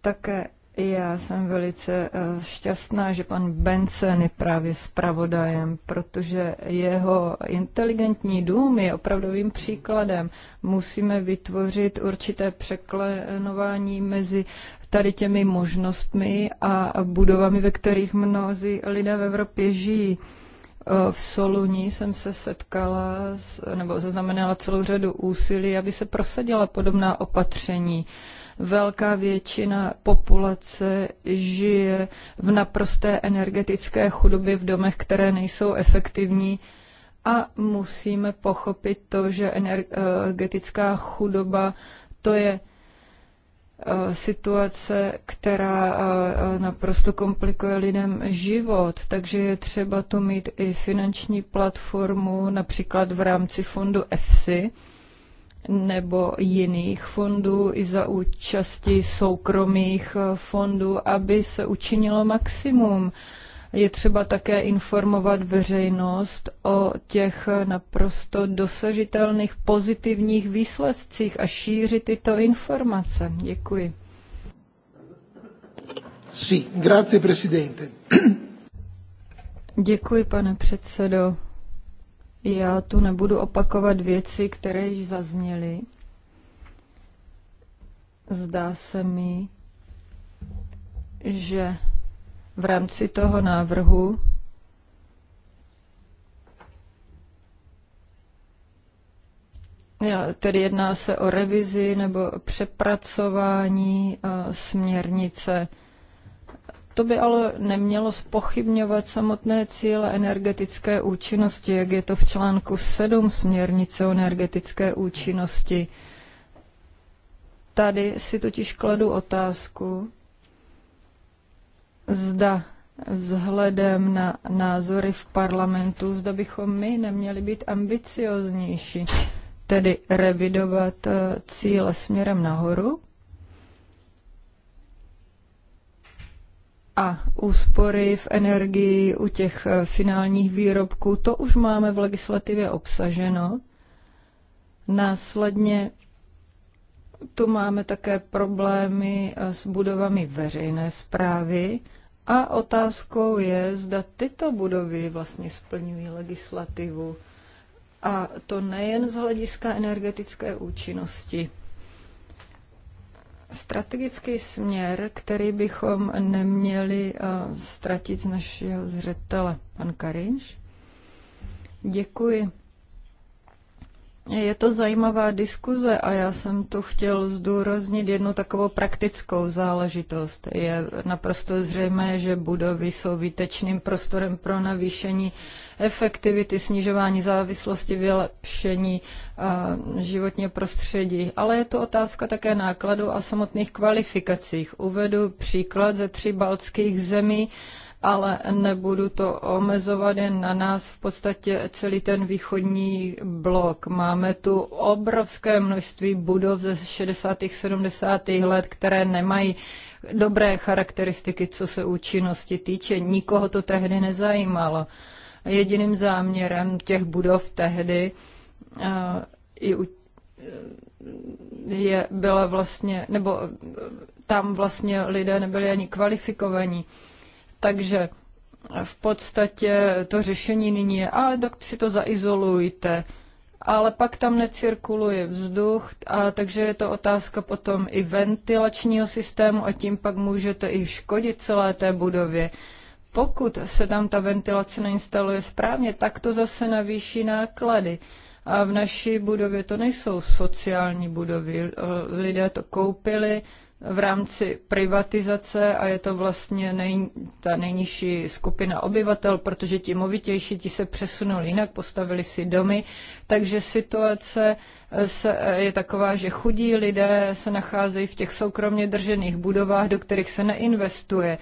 Speaker 4: Také já jsem velice eh, šťastná, že pan Benson je právě zpravodajem, protože jeho inteligentní dům je opravdovým příkladem. Musíme vytvořit určité překlenování mezi tady těmi možnostmi a budovami, ve kterých mnozí lidé v Evropě žijí. Eh, v Soluní jsem se setkala, nebo zaznamenala celou řadu úsilí, aby se prosadila podobná opatření. Uh, Velká většina populace žije v naprosté energetické chudobě v domech, které nejsou efektivní a musíme pochopit to, že energetická chudoba to je eh, situace, která eh, naprosto komplikuje lidem život, takže je třeba to mít i finanční platformu, například v rámci fondu EFSI, nebo jiných fondů i za účasti soukromých fondů, aby se učinilo maximum. Je třeba také informovat veřejnost o těch naprosto dosažitelných pozitivních výsledcích a šířit tyto informace. Děkuji.
Speaker 5: Sí, grazie, presidente.
Speaker 4: Děkuji, pane předsedo. Já tu nebudu opakovat věci, které již zazněly. Zdá se mi, že v rámci toho návrhu Tedy jedná se o revizi nebo přepracování eh, směrnice to by ale nemělo spochybňovat samotné cíle energetické účinnosti, jak je to v článku 7 směrnice o energetické účinnosti. Tady si totiž kladu otázku, zda vzhledem na názory v parlamentu, zda bychom my neměli být ambicioznější, tedy revidovat eh, cíle směrem nahoru, a úspory v energii u těch eh, finálních výrobků, to už máme v legislativě obsaženo. Následně tu máme také problémy eh, s budovami veřejné zprávy a otázkou je, zda tyto budovy vlastně splňují legislativu. A to nejen z hlediska energetické účinnosti strategický směr, který bychom neměli eh, ztratit z našeho zřetele. Pan Karinš? Děkuji. Je to zajímavá diskuze a já jsem tu chtěl zdůraznit jednu takovou praktickou záležitost. Je naprosto zřejmé, že budovy jsou výtečným prostorem pro navýšení efektivity, snižování závislosti, vylepšení životního prostředí. Ale je to otázka také nákladu a samotných kvalifikacích. Uvedu příklad ze tří baltských zemí, ale nebudu to omezovat jen na nás, v podstatě celý ten východní blok. Máme tu obrovské množství budov ze 60. 70. let, které nemají dobré charakteristiky, co se účinnosti týče. Nikoho to tehdy nezajímalo. Jediným záměrem těch budov tehdy eh, eh, je, byla vlastně, nebo eh, tam vlastně lidé nebyli ani kvalifikovaní. Takže v podstatě to řešení nyní je, ale tak si to zaizolujte, ale pak tam necirkuluje vzduch, a takže je to otázka potom i ventilačního systému a tím pak můžete i škodit celé té budově. Pokud se tam ta ventilace nainstaluje správně, tak to zase navýší náklady. A v naší budově to nejsou sociální budovy. Lidé to koupili, v rámci privatizace a je to vlastně nej, ta nejnižší skupina obyvatel, protože ti movitější ti se přesunuli jinak, postavili si domy, takže situace eh, se, eh, je taková, že chudí lidé se nacházejí v těch soukromně držených budovách, do kterých se neinvestuje.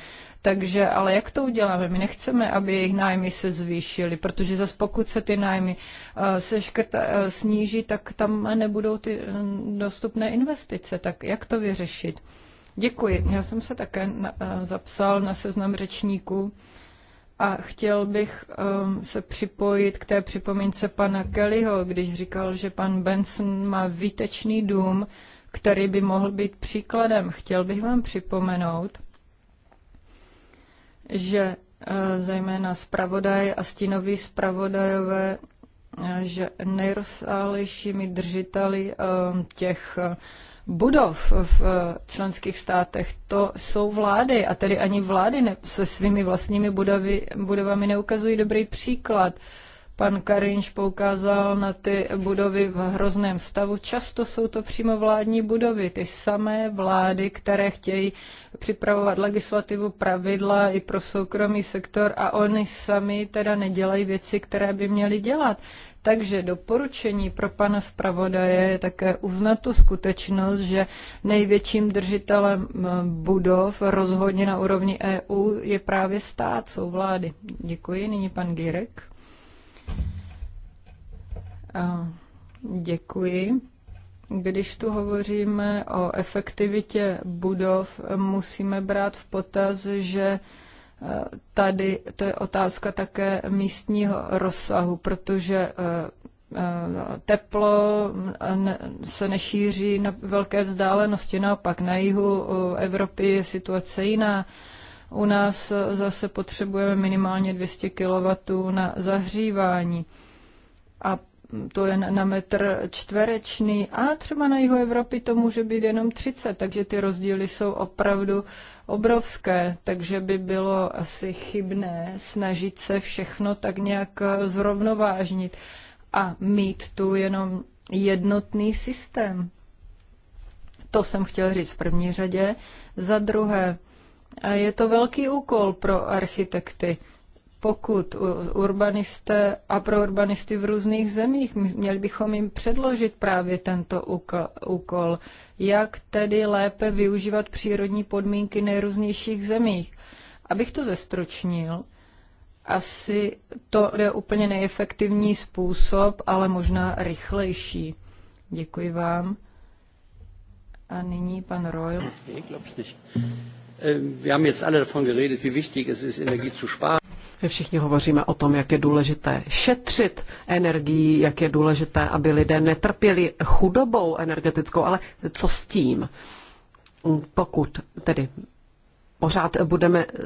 Speaker 4: Takže, ale jak to uděláme? My nechceme, aby jejich nájmy se zvýšily, protože zase pokud se ty nájmy eh, se škrta, eh, sníží, tak tam nebudou ty mm, dostupné investice. Tak jak to vyřešit? Děkuji. Já jsem se také na, eh, zapsal na seznam řečníků a chtěl bych um, se připojit k té připomínce pana Kellyho, když říkal, že pan Benson má výtečný dům, který by mohl být příkladem. Chtěl bych vám připomenout, že eh, zejména zpravodaj a stínoví zpravodajové, eh, že nejrozsálejšími držiteli eh, těch budov v členských státech, to jsou vlády a tedy ani vlády se svými vlastními budovy, budovami neukazují dobrý příklad. Pan Karinš poukázal na ty budovy v hrozném stavu. Často jsou to přímo vládní budovy, ty samé vlády, které chtějí připravovat legislativu, pravidla i pro soukromý sektor a oni sami teda nedělají věci, které by měli dělat. Takže doporučení pro pana zpravodaje je také uznat tu skutečnost, že největším držitelem eh, budov rozhodně na úrovni EU je právě stát, jsou vlády. Děkuji. Nyní pan Girek. Děkuji. Když tu hovoříme o efektivitě budov, musíme brát v potaz, že e, tady to je otázka také místního rozsahu, protože e, e, teplo se nešíří na velké vzdálenosti. Naopak na jihu Evropy je situace jiná. U nás zase potřebujeme minimálně 200 kW na zahřívání. A to je na metr čtvereční a třeba na jihu Evropy to může být jenom 30, takže ty rozdíly jsou opravdu obrovské, takže by bylo asi chybné snažit se všechno tak nějak zrovnovážnit a mít tu jenom jednotný systém. To jsem chtěl říct v první řadě. Za druhé, je to velký úkol pro architekty pokud urbanisté a pro urbanisty v různých zemích, měli bychom jim předložit právě tento úkol, jak tedy lépe využívat přírodní podmínky nejrůznějších zemích. Abych to zestročnil, asi to je úplně neefektivní způsob, ale možná rychlejší. Děkuji vám. A nyní pan Royal.
Speaker 1: Ähm, wir haben jetzt alle davon geredet, wie wichtig es ist, Energie zu sparen.
Speaker 2: Všichni hovoříme o tom, jak je důležité šetřit energii, jak je důležité, aby lidé netrpěli chudobou energetickou, ale co s tím? Pokud tedy pořád budeme eh,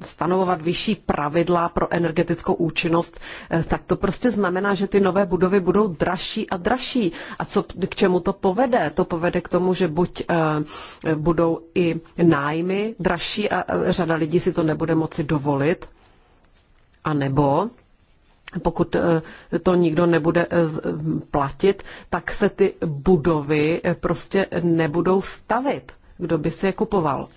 Speaker 2: stanovovat vyšší pravidla pro energetickou účinnost, eh, tak to prostě znamená, že ty nové budovy budou dražší a dražší. A co, k čemu to povede? To povede k tomu, že buď eh, budou i nájmy dražší a eh, řada lidí si to nebude moci dovolit, anebo pokud to nikdo nebude platit, tak se ty budovy prostě nebudou stavit, kdo by si je kupoval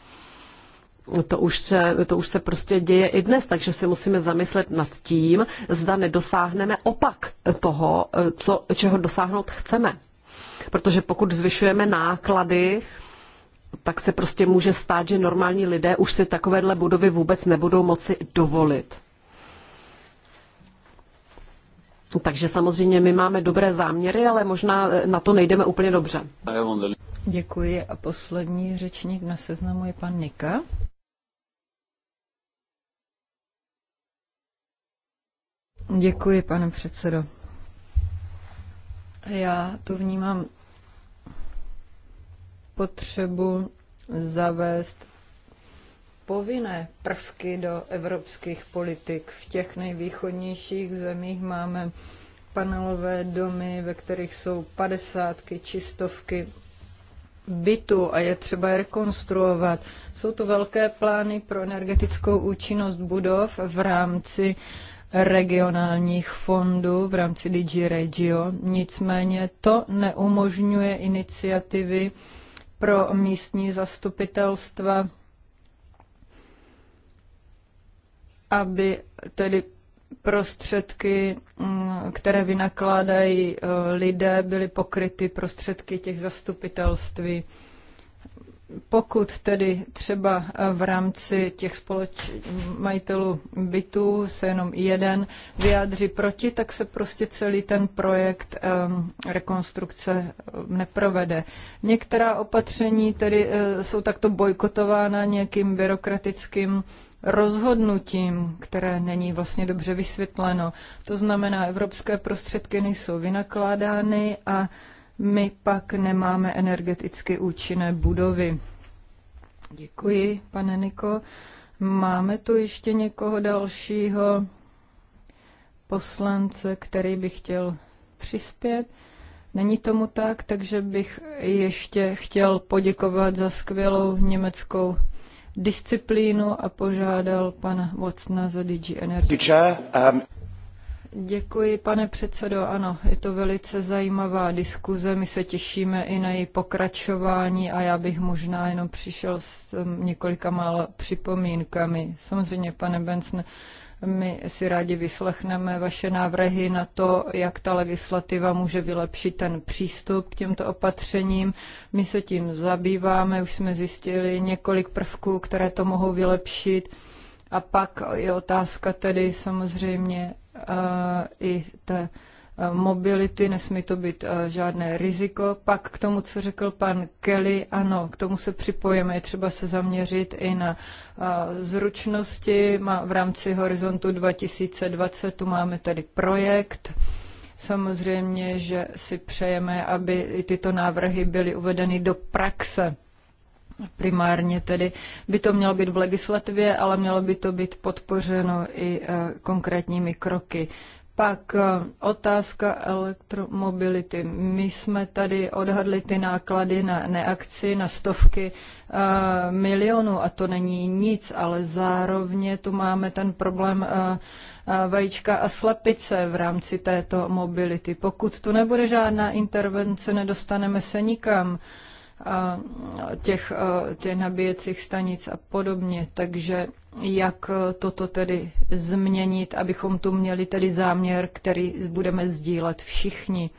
Speaker 2: to už, se, to už se prostě děje i dnes, takže si musíme zamyslet nad tím, zda nedosáhneme opak toho, co, čeho dosáhnout chceme. Protože pokud zvyšujeme náklady, tak se prostě může stát, že normální lidé už si takovéhle budovy vůbec nebudou moci dovolit. Takže samozřejmě my máme dobré záměry, ale možná na to nejdeme úplně dobře.
Speaker 4: Děkuji a poslední řečník na seznamu je pan Nika. Děkuji, pane předsedo. Já tu vnímám potřebu zavést povinné prvky do evropských politik. V těch nejvýchodnějších zemích máme panelové domy, ve kterých jsou padesátky čistovky bytu a je třeba je rekonstruovat. Jsou to velké plány pro energetickou účinnost budov v rámci regionálních fondů v rámci DG Regio. Nicméně to neumožňuje iniciativy pro místní zastupitelstva, aby tedy prostředky, mm, které vynakládají eh, lidé, byly pokryty prostředky těch zastupitelství. Pokud tedy třeba eh, v rámci těch společ... majitelů bytů se jenom jeden vyjádří proti, tak se prostě celý ten projekt um, rekonstrukce eh, neprovede. Některá opatření tedy uh, jsou takto bojkotována nějakým byrokratickým rozhodnutím, které není vlastně dobře vysvětleno. To znamená, evropské prostředky nejsou vynakládány a uh, my pak nemáme energeticky účinné budovy. Děkuji, pane Niko. Máme tu ještě někoho dalšího poslance, který by chtěl přispět. Není tomu tak, takže bych ještě chtěl poděkovat za skvělou německou disciplínu a požádal pana Vocna za DG Energy. Děkuji, pane předsedo. Ano, je to velice zajímavá diskuze. My se těšíme i na její pokračování a já bych možná jenom přišel s um, několika málo připomínkami. Samozřejmě, pane Benson, my si rádi vyslechneme vaše návrhy na to, jak ta legislativa může vylepšit ten přístup k těmto opatřením. My se tím zabýváme, už jsme zjistili několik prvků, které to mohou vylepšit. A pak je otázka tedy samozřejmě Eh, i té eh, mobility, nesmí to být eh, žádné riziko. Pak k tomu, co řekl pan Kelly, ano, k tomu se připojíme, je třeba se zaměřit i na zručnosti. V rámci Horizontu 2020 tu máme tady projekt. Samozřejmě, že si přejeme, aby i tyto návrhy byly uvedeny do praxe. Primárně tedy by to mělo být v legislativě, ale mělo by to být podpořeno i eh, konkrétními kroky. Pak eh, otázka elektromobility. My jsme tady odhadli ty náklady na neakci na stovky eh, milionů a to není nic, ale zároveň tu máme ten problém vajíčka a slepice v rámci této mobility. Pokud tu nebude žádná intervence, nedostaneme se nikam těch, těch nabíjecích stanic a podobně. Takže jak toto tedy změnit, abychom tu měli tedy záměr, který budeme sdílet všichni.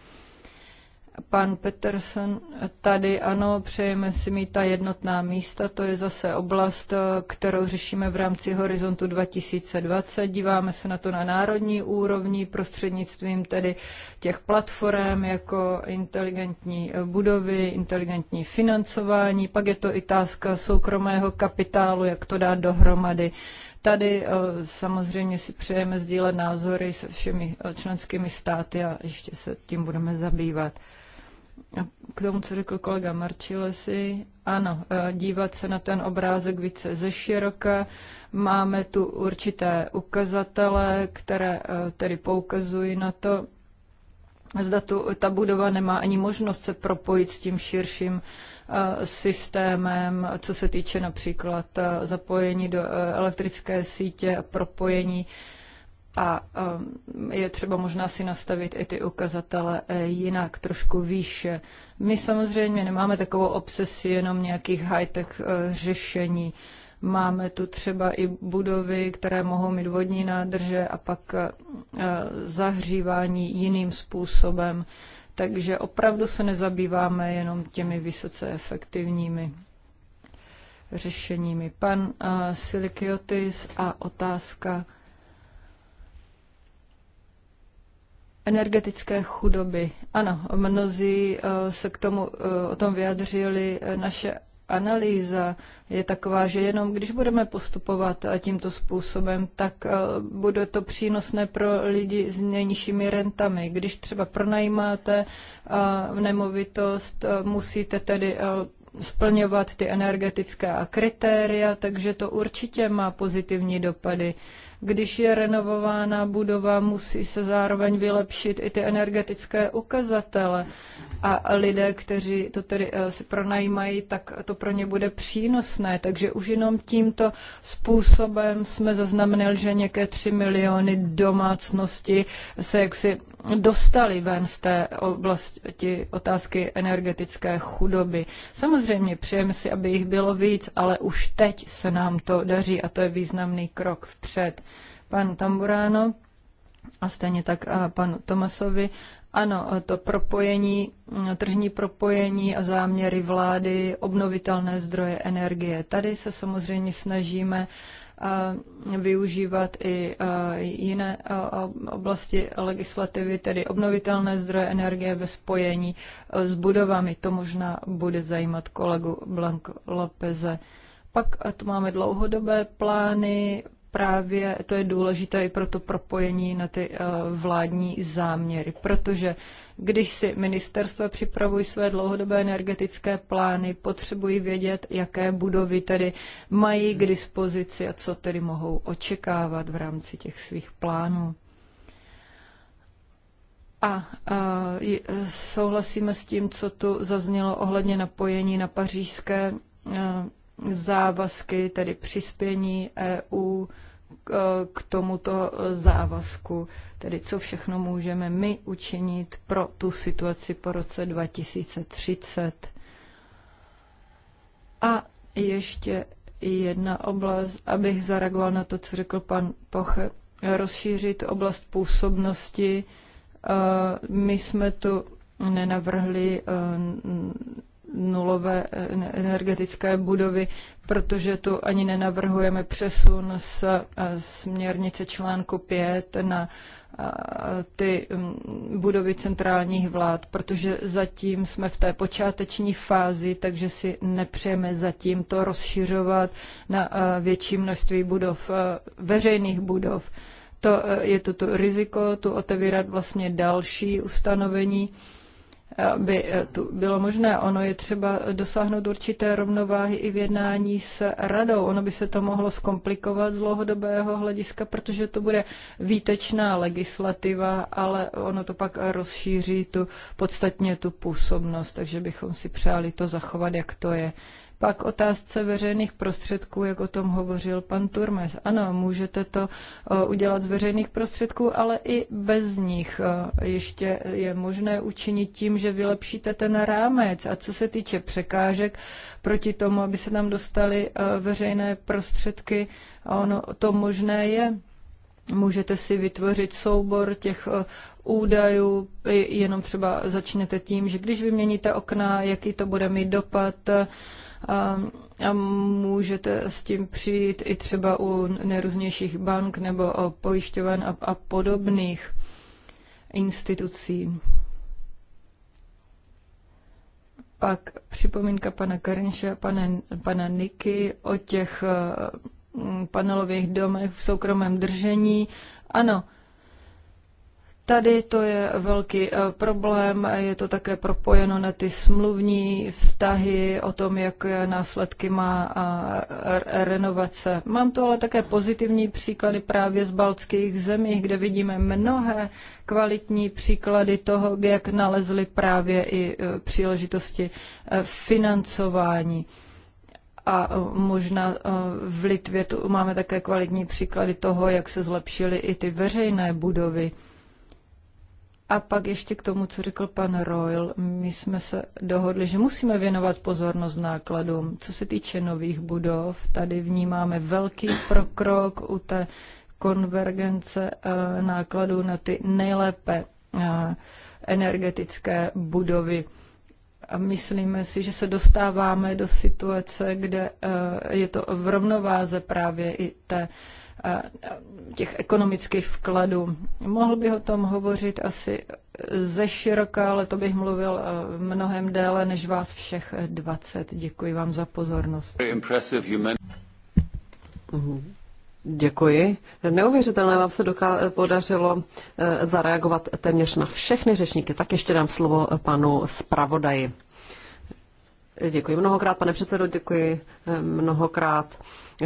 Speaker 4: Pan Peterson tady, ano, přejeme si mít ta jednotná místa, to je zase oblast, eh, kterou řešíme v rámci Horizontu 2020. Díváme se na to na národní úrovni prostřednictvím tedy těch platform jako inteligentní eh, budovy, inteligentní financování, pak je to i otázka soukromého kapitálu, jak to dát dohromady. Tady eh, samozřejmě si přejeme sdílet názory se všemi členskými státy a ještě se tím budeme zabývat. K tomu, co řekl kolega Marčilesi, ano, e, dívat se na ten obrázek více ze široka. Máme tu určité ukazatele, které e, tedy poukazují na to, zda tu, ta budova nemá ani možnost se propojit s tím širším e, systémem, co se týče například zapojení do elektrické sítě a propojení a um, je třeba možná si nastavit i ty ukazatele e, jinak, trošku výše. My samozřejmě nemáme takovou obsesi jenom nějakých high-tech e, řešení. Máme tu třeba i budovy, které mohou mít vodní nádrže a pak e, zahřívání jiným způsobem. Takže opravdu se nezabýváme jenom těmi vysoce efektivními řešeními. Pan Silikiotis a otázka energetické chudoby. Ano, mnozí eh, se k tomu eh, o tom vyjadřili. Eh, naše analýza je taková, že jenom když budeme postupovat tímto způsobem, tak bude to přínosné pro lidi s nejnižšími rentami. Když třeba pronajímáte nemovitost, musíte tedy splňovat ty energetická kritéria, takže to určitě má pozitivní dopady když je renovována budova, musí se zároveň vylepšit i ty energetické ukazatele. A lidé, kteří to tedy eh, si pronajímají, tak to pro ně bude přínosné. Takže už jenom tímto způsobem jsme zaznamenali, že nějaké 3 miliony domácnosti se jaksi dostali ven z té oblasti otázky energetické chudoby. Samozřejmě přejeme si, aby jich bylo víc, ale už teď se nám to daří a to je významný krok vpřed panu Tamburáno a stejně tak a panu Tomasovi. Ano, to propojení, tržní propojení a záměry vlády, obnovitelné zdroje energie. Tady se samozřejmě snažíme využívat i jiné oblasti legislativy, tedy obnovitelné zdroje energie ve spojení s budovami. To možná bude zajímat kolegu Blank Lopeze. Pak tu máme dlouhodobé plány, právě to je důležité i pro to propojení na ty eh, vládní záměry, protože když si ministerstva připravují své dlouhodobé energetické plány, potřebují vědět, jaké budovy tedy mají k dispozici a co tedy mohou očekávat v rámci těch svých plánů. A, a eh, souhlasíme s tím, co tu zaznělo ohledně napojení na pařížské a, eh, závazky, tedy přispění EU k tomuto závazku, tedy co všechno můžeme my učinit pro tu situaci po roce 2030. A ještě jedna oblast, abych zareagoval na to, co řekl pan Poche, rozšířit oblast působnosti. Eh, my jsme tu nenavrhli eh, nulové eh, energetické budovy, protože tu ani nenavrhujeme přesun z eh, směrnice článku 5 na eh, ty mm, budovy centrálních vlád, protože zatím jsme v té počáteční fázi, takže si nepřejeme zatím to rozšiřovat na větší množství budov, veřejných budov. To je toto riziko, tu otevírat vlastně další ustanovení by eh, tu bylo možné. Ono je třeba dosáhnout určité rovnováhy i v jednání s radou. Ono by se to mohlo zkomplikovat z dlouhodobého hlediska, protože to bude výtečná legislativa, ale ono to pak rozšíří tu podstatně tu působnost, takže bychom si přáli to zachovat, jak to je. Pak otázce veřejných prostředků, jak o tom hovořil pan Turmes. Ano, můžete to eh, udělat z veřejných prostředků, ale i bez nich eh, ještě je možné učinit tím, že vylepšíte ten rámec. A co se týče překážek proti tomu, aby se tam dostaly eh, veřejné prostředky, ono to možné je. Můžete si vytvořit soubor těch údajů, jenom třeba začněte tím, že když vyměníte okna, jaký to bude mít dopad a můžete s tím přijít i třeba u nejrůznějších bank nebo pojišťoven a, a podobných institucí. Pak připomínka pana Karinše, a pana, pana Niky o těch eh, panelových domech v soukromém držení. Ano, Tady to je velký eh, problém, je to také propojeno na ty smluvní vztahy o tom, jak eh, následky má renovace. Mám tu ale také pozitivní příklady právě z baltských zemí, kde vidíme mnohé kvalitní příklady toho, jak nalezli právě i eh, příležitosti financování a možná v Litvě tu máme také kvalitní příklady toho, jak se zlepšily i ty veřejné budovy. A pak ještě k tomu, co řekl pan Royal, my jsme se dohodli, že musíme věnovat pozornost nákladům. Co se týče nových budov, tady vnímáme velký prokrok u té konvergence eh, nákladů na ty nejlépe eh, energetické budovy. A myslíme si, že se dostáváme do situace, kde eh, je to v rovnováze právě i té těch ekonomických vkladů. Mohl bych o tom hovořit asi ze široka, ale to bych mluvil mnohem déle než vás všech 20. Děkuji vám za pozornost.
Speaker 1: Mhm.
Speaker 2: Děkuji. Neuvěřitelné vám se doká- podařilo e, zareagovat téměř na všechny řečníky. Tak ještě dám slovo panu zpravodaji. Děkuji mnohokrát, pane předsedo, děkuji e, mnohokrát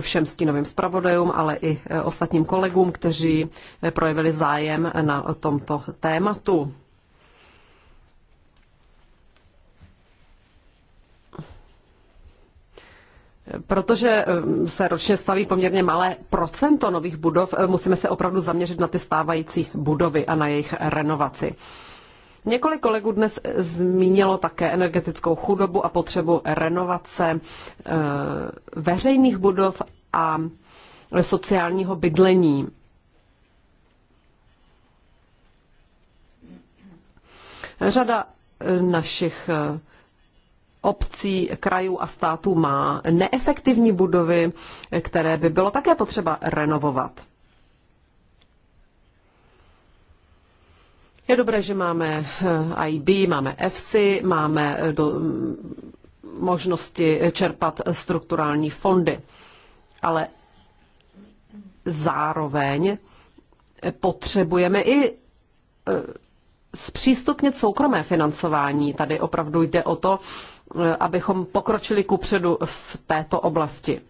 Speaker 2: všem stínovým zpravodajům, ale i e, ostatním kolegům, kteří e, projevili zájem na tomto tématu. Protože e, se ročně staví poměrně malé procento nových budov, musíme se opravdu zaměřit na ty stávající budovy a na jejich renovaci. Několik kolegů dnes zmínilo také energetickou chudobu a potřebu renovace eh, veřejných budov a sociálního bydlení. Řada eh, našich eh, obcí, krajů a států má neefektivní budovy, které by bylo také potřeba renovovat. Je dobré, že máme eh, IB, máme EFSI, máme eh, do, možnosti čerpat strukturální fondy. Ale zároveň potřebujeme i eh, zpřístupnit soukromé financování. Tady opravdu jde o to, abychom pokročili kupředu v této oblasti.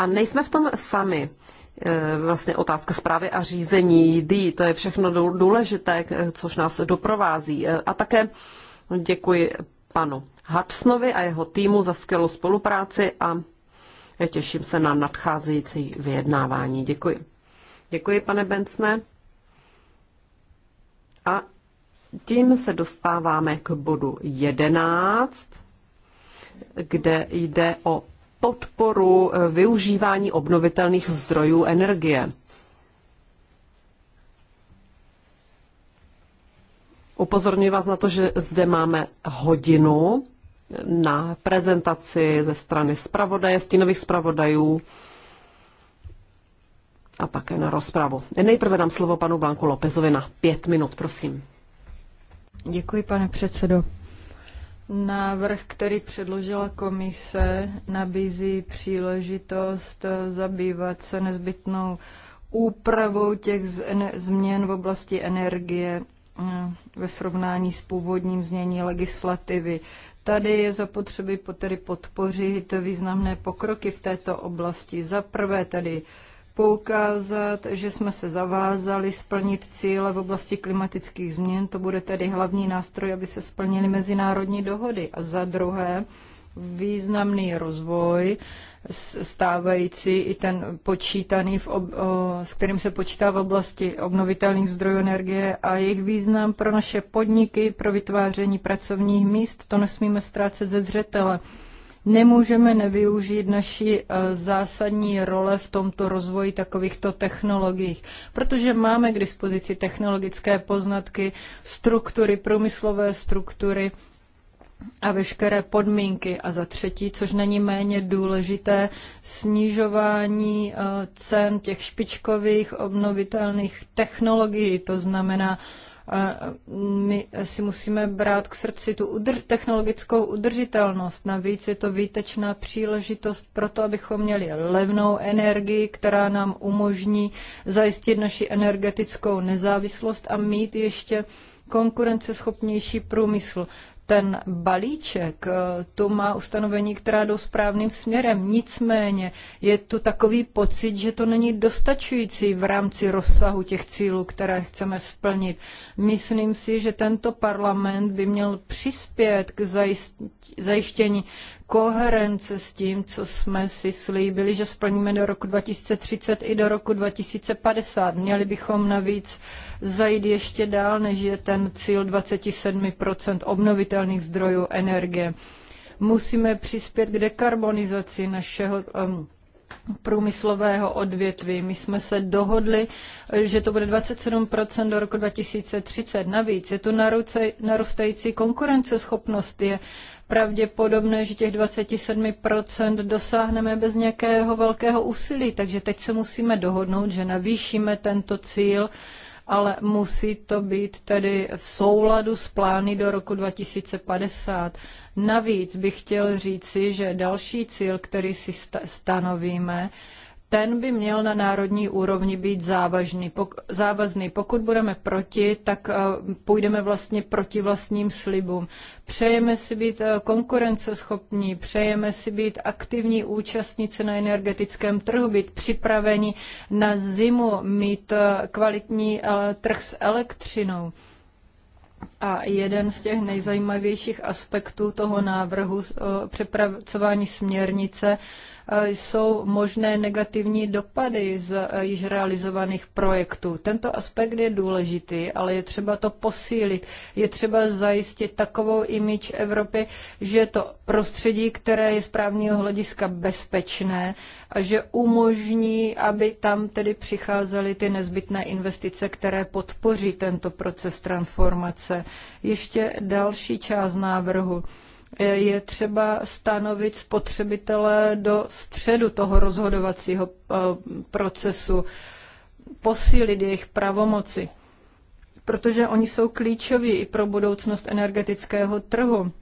Speaker 2: A nejsme v tom sami. E, vlastně otázka zprávy a řízení jídí, to je všechno důležité, což nás doprovází. E, a také děkuji panu Hudsonovi a jeho týmu za skvělou spolupráci a těším se na nadcházející vyjednávání. Děkuji. Děkuji, pane Bencne. A tím se dostáváme k bodu 11, kde jde o podporu eh, využívání obnovitelných zdrojů energie. Upozorňuji vás na to, že zde máme hodinu na prezentaci ze strany zpravodaje, stínových zpravodajů a také na rozpravu. Nejprve dám slovo panu Blanku Lopezovi na pět minut, prosím. Děkuji, pane předsedo.
Speaker 4: Návrh, který předložila komise, nabízí příležitost zabývat se nezbytnou úpravou těch změn v oblasti energie eh, ve srovnání s původním znění legislativy. Tady je zapotřebí tedy podpořit významné pokroky v této oblasti. Za prvé tedy poukázat, že jsme se zavázali splnit cíle v oblasti klimatických změn. To bude tedy hlavní nástroj, aby se splnily mezinárodní dohody. A za druhé, významný rozvoj stávající i ten počítaný, v ob, o, s kterým se počítá v oblasti obnovitelných zdrojů energie a jejich význam pro naše podniky, pro vytváření pracovních míst, to nesmíme ztrácet ze zřetele nemůžeme nevyužít naší eh, zásadní role v tomto rozvoji takovýchto technologií, protože máme k dispozici technologické poznatky, struktury, průmyslové struktury, a veškeré podmínky. A za třetí, což není méně důležité, snižování eh, cen těch špičkových obnovitelných technologií, to znamená my si musíme brát k srdci tu udrž- technologickou udržitelnost. Navíc je to výtečná příležitost pro to, abychom měli levnou energii, která nám umožní zajistit naši energetickou nezávislost a mít ještě konkurenceschopnější průmysl ten balíček, eh, to má ustanovení, která jdou správným směrem. Nicméně je tu takový pocit, že to není dostačující v rámci rozsahu těch cílů, které chceme splnit. Myslím si, že tento parlament by měl přispět k zajištění koherence s tím, co jsme si slíbili, že splníme do roku 2030 i do roku 2050. Měli bychom navíc zajít ještě dál, než je ten cíl 27 obnovitelných zdrojů energie. Musíme přispět k dekarbonizaci našeho um, průmyslového odvětví. My jsme se dohodli, že to bude 27% do roku 2030. Navíc je tu narůstající konkurenceschopnost. Je pravděpodobné, že těch 27% dosáhneme bez nějakého velkého úsilí. Takže teď se musíme dohodnout, že navýšíme tento cíl, ale musí to být tedy v souladu s plány do roku 2050. Navíc bych chtěl říci, že další cíl, který si stanovíme, ten by měl na národní úrovni být závažný. Pok- závazný. Pokud budeme proti, tak eh, půjdeme vlastně proti vlastním slibům. Přejeme si být eh, konkurenceschopní, přejeme si být aktivní účastníci na energetickém trhu, být připraveni na zimu, mít eh, kvalitní trh s elektřinou. A jeden z těch nejzajímavějších aspektů toho návrhu přepracování směrnice Eh, jsou možné negativní dopady z eh, již realizovaných projektů. Tento aspekt je důležitý, ale je třeba to posílit. Je třeba zajistit takovou imič Evropy, že je to prostředí, které je z právního hlediska bezpečné a že umožní, aby tam tedy přicházely ty nezbytné investice, které podpoří tento proces transformace. Ještě další část návrhu. Eh, je třeba stanovit spotřebitele do středu toho rozhodovacího eh, procesu, posílit jejich pravomoci, protože oni jsou klíčoví i pro budoucnost energetického trhu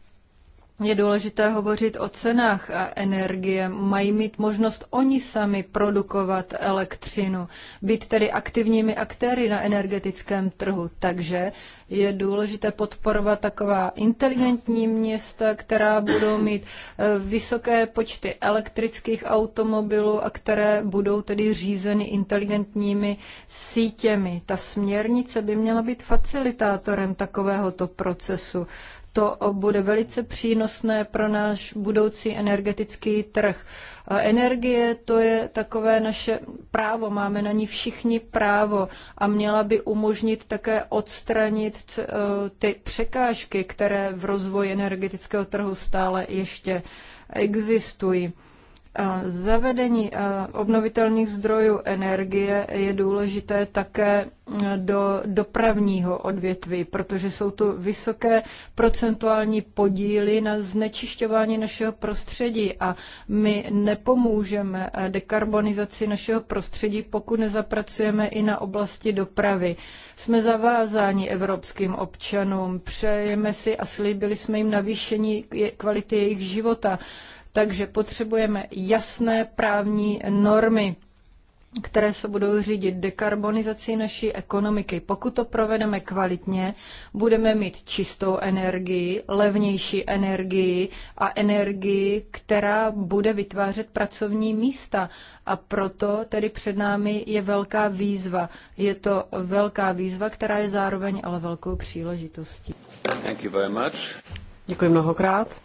Speaker 4: je důležité hovořit o cenách a energie. Mají mít možnost oni sami produkovat elektřinu, být tedy aktivními aktéry na energetickém trhu. Takže je důležité podporovat taková inteligentní města, která budou mít eh, vysoké počty elektrických automobilů a které budou tedy řízeny inteligentními sítěmi. Ta směrnice by měla být facilitátorem takovéhoto procesu to bude velice přínosné pro náš budoucí energetický trh. Energie to je takové naše právo, máme na ní všichni právo a měla by umožnit také odstranit e, ty překážky, které v rozvoji energetického trhu stále ještě existují. Zavedení obnovitelných zdrojů energie je důležité také e, do dopravního odvětví, protože jsou tu vysoké procentuální podíly na znečišťování našeho prostředí a my nepomůžeme e, dekarbonizaci našeho prostředí, pokud nezapracujeme i na oblasti dopravy. Jsme zavázáni evropským občanům, přejeme si a slíbili jsme jim navýšení kvality jejich života takže potřebujeme jasné právní normy které se budou řídit dekarbonizací naší ekonomiky. Pokud to provedeme kvalitně, budeme mít čistou energii, levnější energii a energii, která bude vytvářet pracovní místa. A proto tedy před námi je velká výzva. Je to velká výzva, která je zároveň ale velkou příležitostí.
Speaker 1: Thank you very much.
Speaker 4: Děkuji mnohokrát.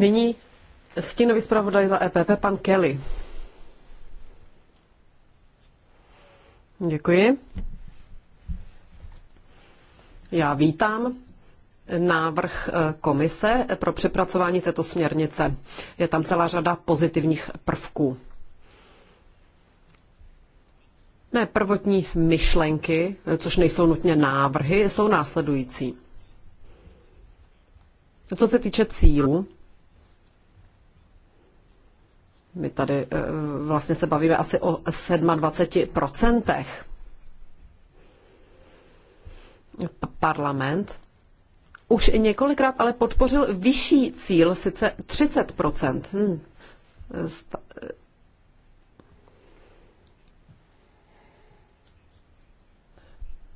Speaker 4: Nyní stínový
Speaker 2: zpravodaj za EPP, pan Kelly. Děkuji. Já vítám návrh eh, komise eh, pro přepracování této směrnice. Je tam celá řada pozitivních prvků. Mé prvotní myšlenky, eh, což nejsou nutně návrhy, jsou následující. Co se týče cílů, my tady eh, vlastně se bavíme asi o 27%. Parlament už několikrát ale podpořil vyšší cíl, sice 30%. Hmm.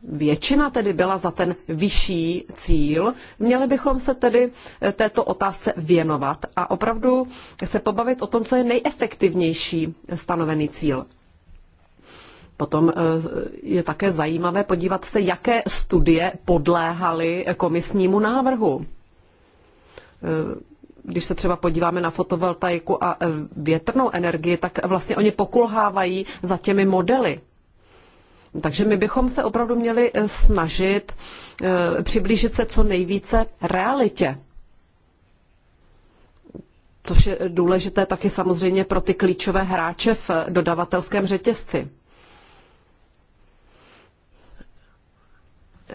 Speaker 2: většina tedy byla za ten vyšší cíl. Měli bychom se tedy eh, této otázce věnovat a opravdu se pobavit o tom, co je nejefektivnější stanovený cíl. Potom eh, je také zajímavé podívat se, jaké studie podléhaly komisnímu návrhu. Eh, když se třeba podíváme na fotovoltaiku a větrnou energii, tak vlastně oni pokulhávají za těmi modely. Takže my bychom se opravdu měli eh, snažit eh, přiblížit se co nejvíce realitě. Což je důležité taky samozřejmě pro ty klíčové hráče v dodavatelském řetězci.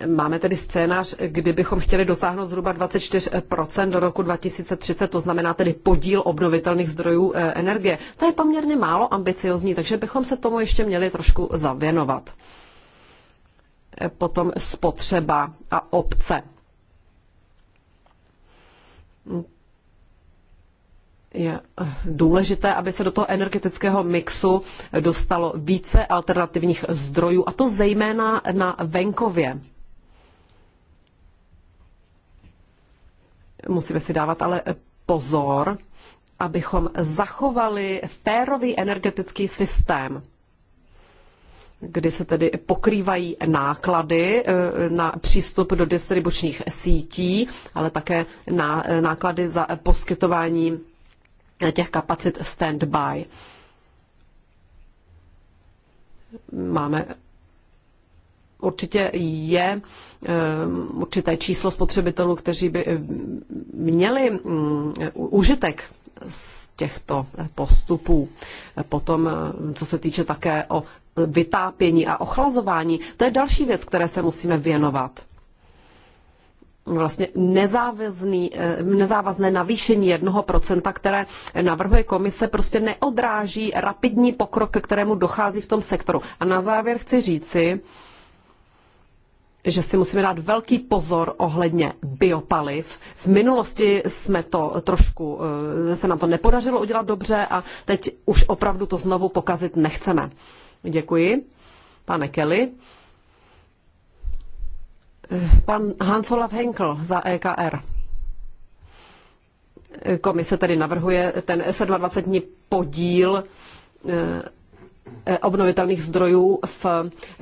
Speaker 2: Máme tedy scénář, kdybychom chtěli dosáhnout zhruba 24% do roku 2030, to znamená tedy podíl obnovitelných zdrojů eh, energie. To je poměrně málo ambiciozní, takže bychom se tomu ještě měli trošku zavěnovat. Eh, potom spotřeba a obce. je eh, důležité, aby se do toho energetického mixu dostalo více alternativních zdrojů, a to zejména na venkově. musíme si dávat ale pozor, abychom zachovali férový energetický systém, kdy se tedy pokrývají náklady eh, na přístup do distribučních sítí, ale také na eh, náklady za poskytování těch kapacit standby. Máme určitě je eh, určité číslo spotřebitelů, kteří by eh, měli mm, užitek z těchto eh, postupů. Potom, co se týče také o vytápění a ochlazování, to je další věc, které se musíme věnovat. Vlastně nezávazný, nezávazné navýšení 1%, které navrhuje komise, prostě neodráží rapidní pokrok, ke kterému dochází v tom sektoru. A na závěr chci říci, že si musíme dát velký pozor ohledně biopaliv. V minulosti jsme to trošku, eh, se nám to nepodařilo udělat dobře a teď už opravdu to znovu pokazit nechceme. Děkuji, pane Kelly. Eh, pan Hans Olaf Henkel za EKR. Eh, komise tedy navrhuje ten 27 podíl Eh, obnovitelných zdrojů v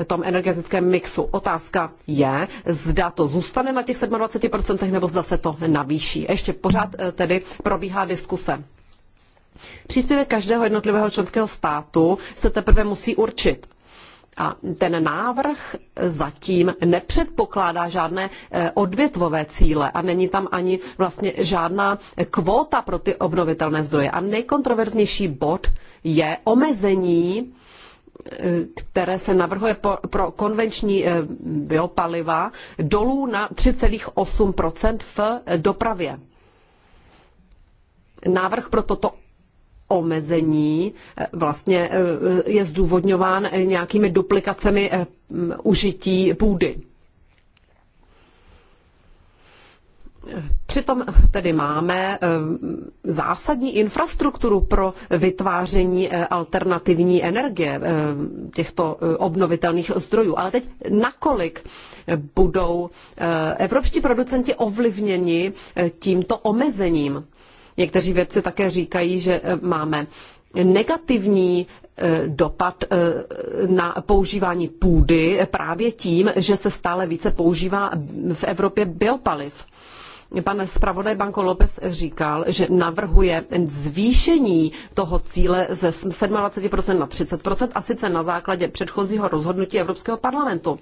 Speaker 2: tom energetickém mixu. Otázka je, zda to zůstane na těch 27% nebo zda se to navýší. Ještě pořád eh, tedy probíhá diskuse. Příspěvek každého jednotlivého členského státu se teprve musí určit. A ten návrh zatím nepředpokládá žádné eh, odvětvové cíle a není tam ani vlastně žádná kvóta pro ty obnovitelné zdroje. A nejkontroverznější bod je omezení eh, které se navrhuje pro konvenční eh, biopaliva dolů na 3,8 v dopravě. Návrh pro toto omezení eh, vlastně eh, je zdůvodňován nějakými duplikacemi eh, užití půdy. Přitom tedy máme zásadní infrastrukturu pro vytváření alternativní energie těchto obnovitelných zdrojů. Ale teď nakolik budou evropští producenti ovlivněni tímto omezením? Někteří vědci také říkají, že e, máme negativní e, dopad e, na používání půdy právě tím, že se stále více používá v Evropě biopaliv. Pan zpravodaj Banko López říkal, že navrhuje zvýšení toho cíle ze 27% na 30% a sice na základě předchozího rozhodnutí Evropského parlamentu.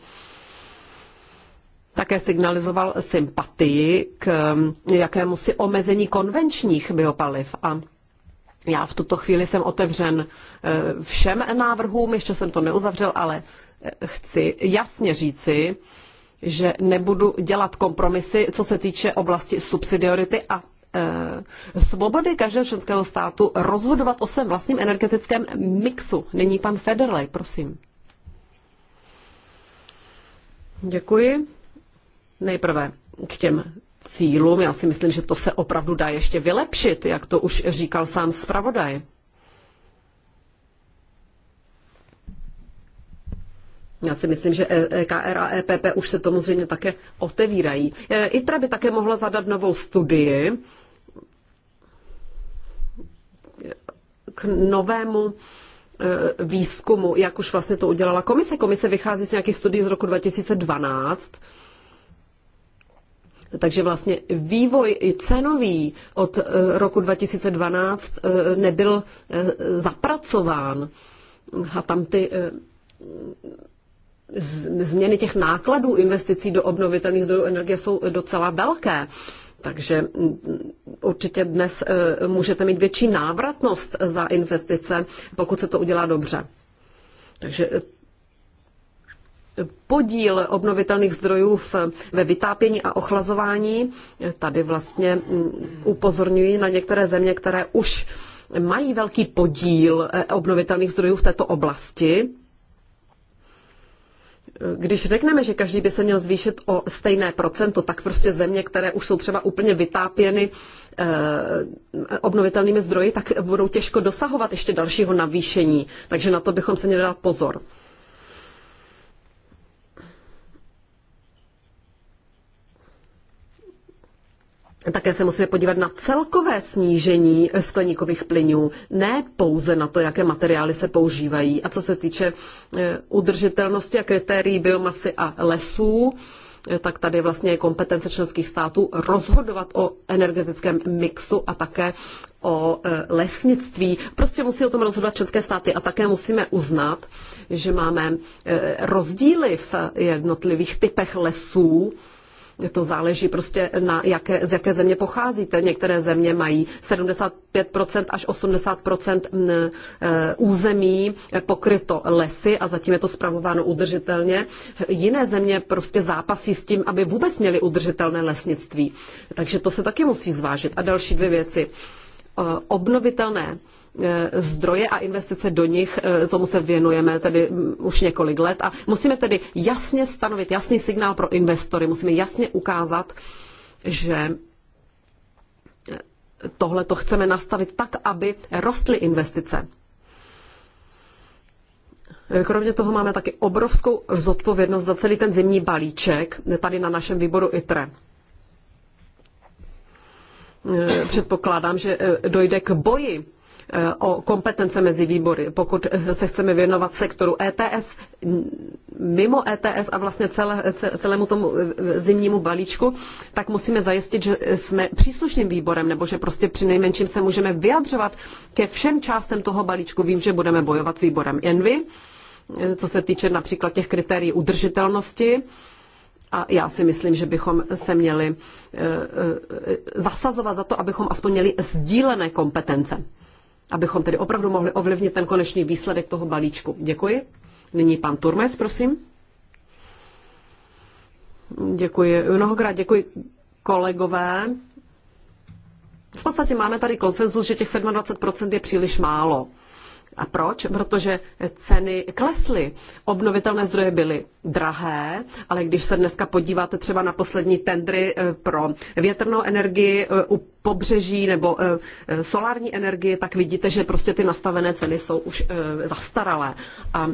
Speaker 2: Také signalizoval sympatii k um, jakémusi omezení konvenčních biopaliv a já v tuto chvíli jsem otevřen uh, všem návrhům, ještě jsem to neuzavřel, ale uh, chci jasně říci, že nebudu dělat kompromisy, co se týče oblasti subsidiority a uh, svobody každého členského státu rozhodovat o svém vlastním energetickém mixu. Není pan Federley, prosím. Děkuji. Nejprve k těm cílům. Já si myslím, že to se opravdu dá ještě vylepšit, jak to už říkal sám zpravodaj. Já si myslím, že EKR e a EPP už se tomu zřejmě také otevírají. E, ITRA by také mohla zadat novou studii k novému e, výzkumu, jak už vlastně to udělala komise. Komise vychází z nějakých studií z roku 2012 takže vlastně vývoj i cenový od eh, roku 2012 eh, nebyl eh, zapracován a tam ty změny těch nákladů investicí do obnovitelných zdrojů energie jsou docela velké. Takže mm, určitě dnes můžete mít větší návratnost za investice, pokud se to udělá dobře. Takže podíl obnovitelných zdrojů v, ve vytápění a ochlazování. Tady vlastně mm, upozorňuji na některé země, které už mají velký podíl eh, obnovitelných zdrojů v této oblasti. Když řekneme, že každý by se měl zvýšit o stejné procento, tak prostě země, které už jsou třeba úplně vytápěny eh, obnovitelnými zdroji, tak budou těžko dosahovat ještě dalšího navýšení. Takže na to bychom se měli dát pozor. Také se musíme podívat na celkové snížení skleníkových plynů, ne pouze na to, jaké materiály se používají. A co se týče eh, udržitelnosti a kritérií biomasy a lesů, eh, tak tady vlastně je kompetence členských států rozhodovat o energetickém mixu a také o eh, lesnictví. Prostě musí o tom rozhodovat české státy a také musíme uznat, že máme rozdíly v jednotlivých typech lesů, to záleží prostě na jaké, z jaké země pocházíte. Některé země mají 75% až 80% e, území pokryto lesy a zatím je to spravováno udržitelně. Jiné země prostě zápasí s tím, aby vůbec měli udržitelné lesnictví. Takže to se taky musí zvážit. A další dvě věci. Obnovitelné Eh, zdroje a investice do nich, eh, tomu se věnujeme tedy mm, už několik let a musíme tedy jasně stanovit jasný signál pro investory, musíme jasně ukázat, že eh, tohle to chceme nastavit tak, aby rostly investice. Kromě toho máme taky obrovskou zodpovědnost za celý ten zimní balíček tady na našem výboru ITRE. Předpokládám, že dojde k boji Eh, o kompetence mezi výbory, pokud se chceme věnovat sektoru ETS, mimo ETS a vlastně celé, celému tomu eh, zimnímu balíčku, tak musíme zajistit, že jsme příslušným výborem, nebo že prostě při nejmenším se můžeme vyjadřovat ke všem částem toho balíčku. Vím, že budeme bojovat s výborem Envy, eh, co se týče například těch kritérií udržitelnosti, a já si myslím, že bychom se měli zasazovat za to, abychom aspoň měli sdílené kompetence abychom tedy opravdu mohli ovlivnit ten konečný výsledek toho balíčku. Děkuji. Nyní pan Turmes, prosím. Děkuji. Mnohokrát děkuji kolegové. V podstatě máme tady konsenzus, že těch 27% je příliš málo. A proč? Protože ceny klesly. Obnovitelné zdroje byly drahé, ale když se dneska podíváte třeba na poslední tendry eh, pro větrnou energii eh, u pobřeží nebo eh, solární energii, tak vidíte, že prostě ty nastavené ceny jsou už zastaralé. A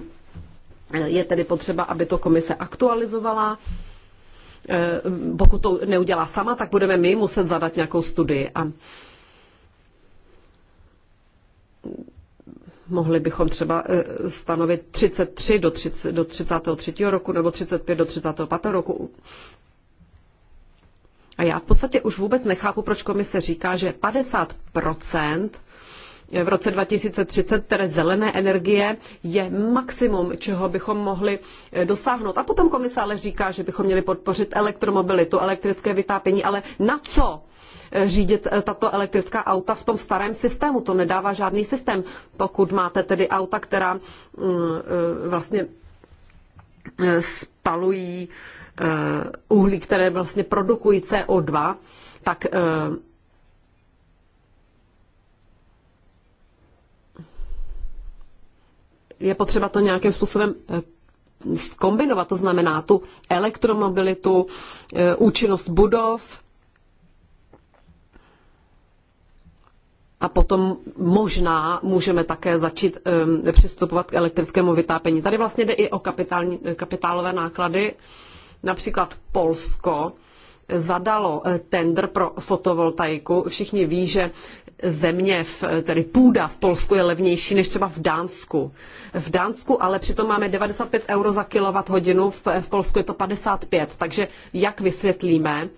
Speaker 2: je tedy potřeba, aby to komise aktualizovala pokud to neudělá sama, tak budeme my muset zadat nějakou studii. A Mohli bychom třeba eh, stanovit 33 do, 30, do 33. roku nebo 35 do 35. roku. A já v podstatě už vůbec nechápu, proč komise říká, že 50 eh, v roce 2030, které zelené energie, je maximum, čeho bychom mohli eh, dosáhnout. A potom komise ale říká, že bychom měli podpořit elektromobilitu, elektrické vytápění, ale na co? řídit eh, tato elektrická auta v tom starém systému. To nedává žádný systém. Pokud máte tedy auta, která mm, eh, vlastně eh, spalují uhlí, které vlastně produkují CO2, tak je potřeba to nějakým způsobem zkombinovat, to znamená tu elektromobilitu, účinnost budov, a potom možná můžeme také začít um, přistupovat k elektrickému vytápění. Tady vlastně jde i o kapitální, kapitálové náklady. Například Polsko zadalo eh, tender pro fotovoltaiku. Všichni ví, že země, v, tedy půda v Polsku je levnější než třeba v Dánsku. V Dánsku ale přitom máme 95 euro za kilowatt hodinu, v, v Polsku je to 55. Takže jak vysvětlíme,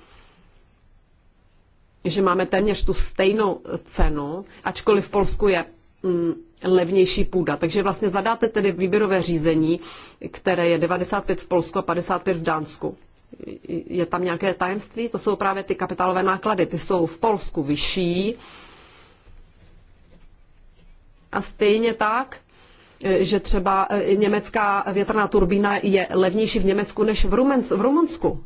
Speaker 2: že máme téměř tu stejnou cenu, ačkoliv v Polsku je mm, levnější půda. Takže vlastně zadáte tedy výběrové řízení, které je 95 v Polsku a 55 v Dánsku. Je tam nějaké tajemství? To jsou právě ty kapitálové náklady. Ty jsou v Polsku vyšší. A stejně tak, že třeba e, německá větrná turbína je levnější v Německu než v, v Rumunsku.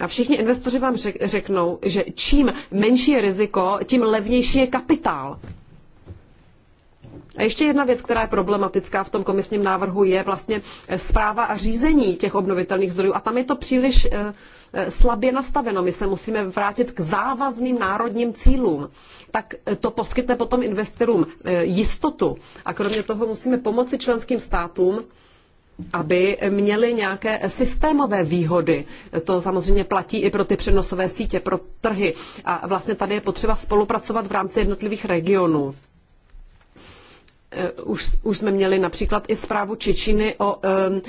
Speaker 2: A všichni investoři vám řeknou, že čím menší je riziko, tím levnější je kapitál. A ještě jedna věc, která je problematická v tom komisním návrhu, je vlastně zpráva a řízení těch obnovitelných zdrojů. A tam je to příliš eh, eh, slabě nastaveno. My se musíme vrátit k závazným národním cílům. Tak eh, to poskytne potom investorům jistotu. A kromě toho musíme pomoci členským státům aby měli nějaké systémové výhody. To samozřejmě platí i pro ty přenosové sítě, pro trhy. A vlastně tady je potřeba spolupracovat v rámci jednotlivých regionů. Eh, už, už jsme měli například i zprávu Čečiny o um,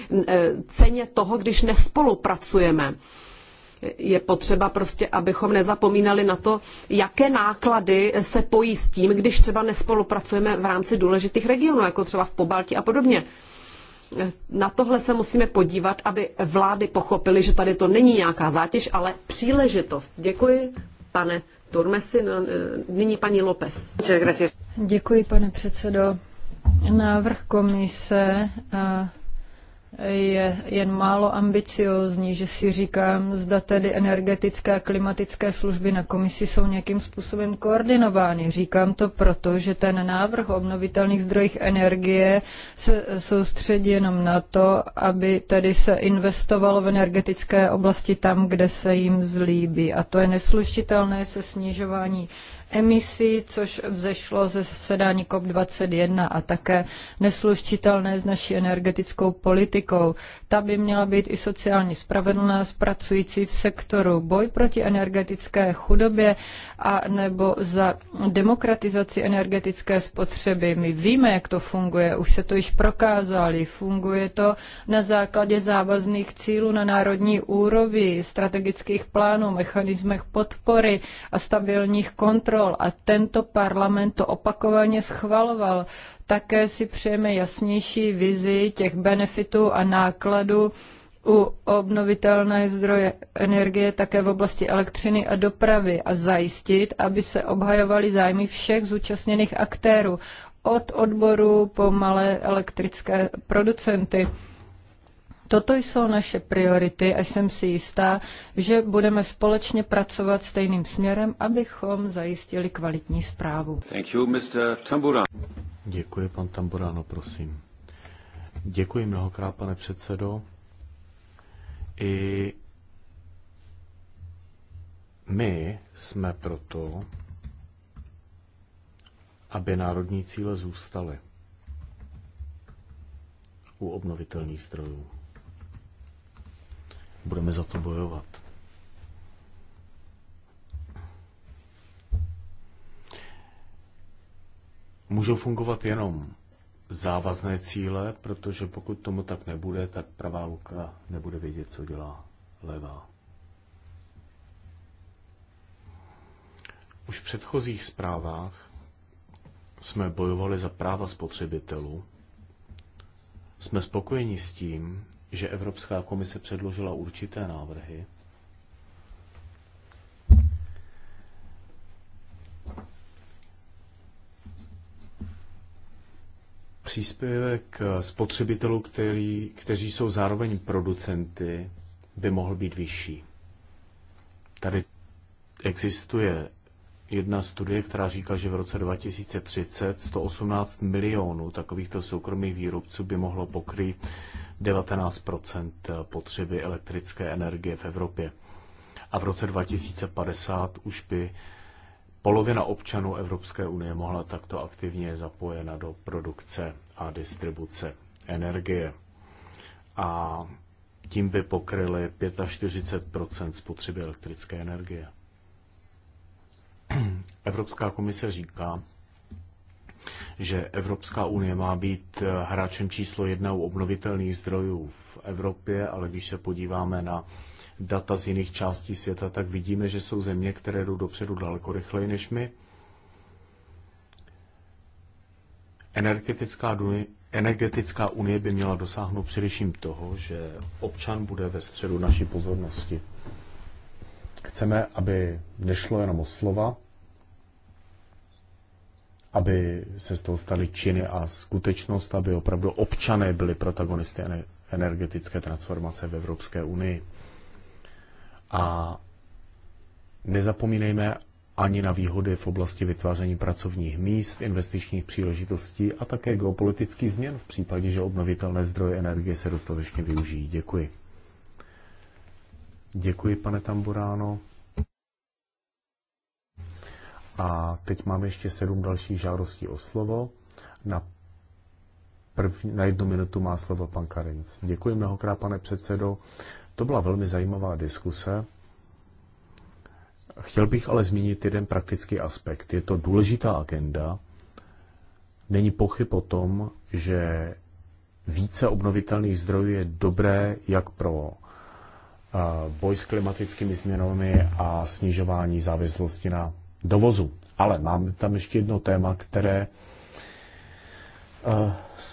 Speaker 2: ceně toho, když nespolupracujeme je potřeba prostě, abychom nezapomínali na to, jaké náklady se pojí s tím, když třeba nespolupracujeme v rámci důležitých regionů, jako třeba v Pobalti a podobně na tohle se musíme podívat, aby vlády pochopily, že tady to není nějaká zátěž, ale příležitost. Děkuji, pane Turmesi. No, eh, nyní paní López.
Speaker 4: Děkuji, pane předsedo. Návrh komise eh, je jen málo ambiciózní, že si říkám, zda tedy energetické a klimatické služby na komisi jsou nějakým způsobem koordinovány. Říkám to proto, že ten návrh o obnovitelných zdrojích energie se soustředí jenom na to, aby tedy se investovalo v energetické oblasti tam, kde se jim zlíbí. A to je neslušitelné se snižování emisí, což vzešlo ze zasedání COP21 a také neslučitelné s naší energetickou politikou. Ta by měla být i sociálně spravedlná, spracující v sektoru boj proti energetické chudobě a nebo za demokratizaci energetické spotřeby. My víme, jak to funguje, už se to již prokázali. Funguje to na základě závazných cílů na národní úrovni, strategických plánů, mechanismech podpory a stabilních kontrol. A tento parlament to opakovaně schvaloval. Také si přejeme jasnější vizi těch benefitů a nákladů u obnovitelné zdroje energie také v oblasti elektřiny a dopravy a zajistit, aby se obhajovaly zájmy všech zúčastněných aktérů, od odboru po malé elektrické producenty. Toto jsou naše priority a jsem si jistá, že budeme společně pracovat stejným směrem, abychom zajistili kvalitní zprávu.
Speaker 3: Thank you, Mr. Děkuji, pan Tamburano, prosím. Děkuji mnohokrát, pane předsedo. I my jsme proto, aby národní cíle zůstaly u obnovitelných zdrojů. Budeme za to bojovat. Můžou fungovat jenom závazné cíle, protože pokud tomu tak nebude, tak pravá ruka nebude vědět, co dělá levá. Už v předchozích zprávách jsme bojovali za práva spotřebitelů. Jsme spokojeni s tím, že Evropská komise předložila určité návrhy, Příspěvek eh, spotřebitelů, který, kteří jsou zároveň producenty, by mohl být vyšší. Tady existuje jedna studie, která říká, že v roce 2030 118 milionů takovýchto soukromých výrobců by mohlo pokrýt 19 eh, potřeby elektrické energie v Evropě. A v roce 2050 už by polovina občanů Evropské unie mohla takto aktivně zapojena do produkce a distribuce energie. A tím by pokryly 45 spotřeby elektrické energie. <clears throat> Evropská komise říká, že Evropská unie má být hráčem číslo jedna u obnovitelných zdrojů v Evropě, ale když se podíváme na data z jiných částí světa, tak vidíme, že jsou země, které jdou dopředu daleko rychleji než my. Energetická unie, energetická unie by měla dosáhnout především toho, že občan bude ve středu naší pozornosti. Chceme, aby nešlo jenom o slova, aby se z toho staly činy a skutečnost, aby opravdu občané byli protagonisty energetické transformace v Evropské unii. A nezapomínejme ani na výhody v oblasti vytváření pracovních míst, investičních příležitostí a také geopolitických změn v případě, že obnovitelné zdroje energie se dostatečně využijí. Děkuji. Děkuji, pane Tamburáno. A teď máme ještě sedm dalších žádostí o slovo. Na, první, na jednu minutu má slovo pan Karinc. Děkuji mnohokrát, pane předsedo. To byla velmi zajímavá diskuse. Chtěl bych ale zmínit jeden praktický aspekt. Je to důležitá agenda. Není pochyb o tom, že více obnovitelných zdrojů je dobré jak pro boj s klimatickými změnami a snižování závislosti na dovozu. Ale máme tam ještě jedno téma, které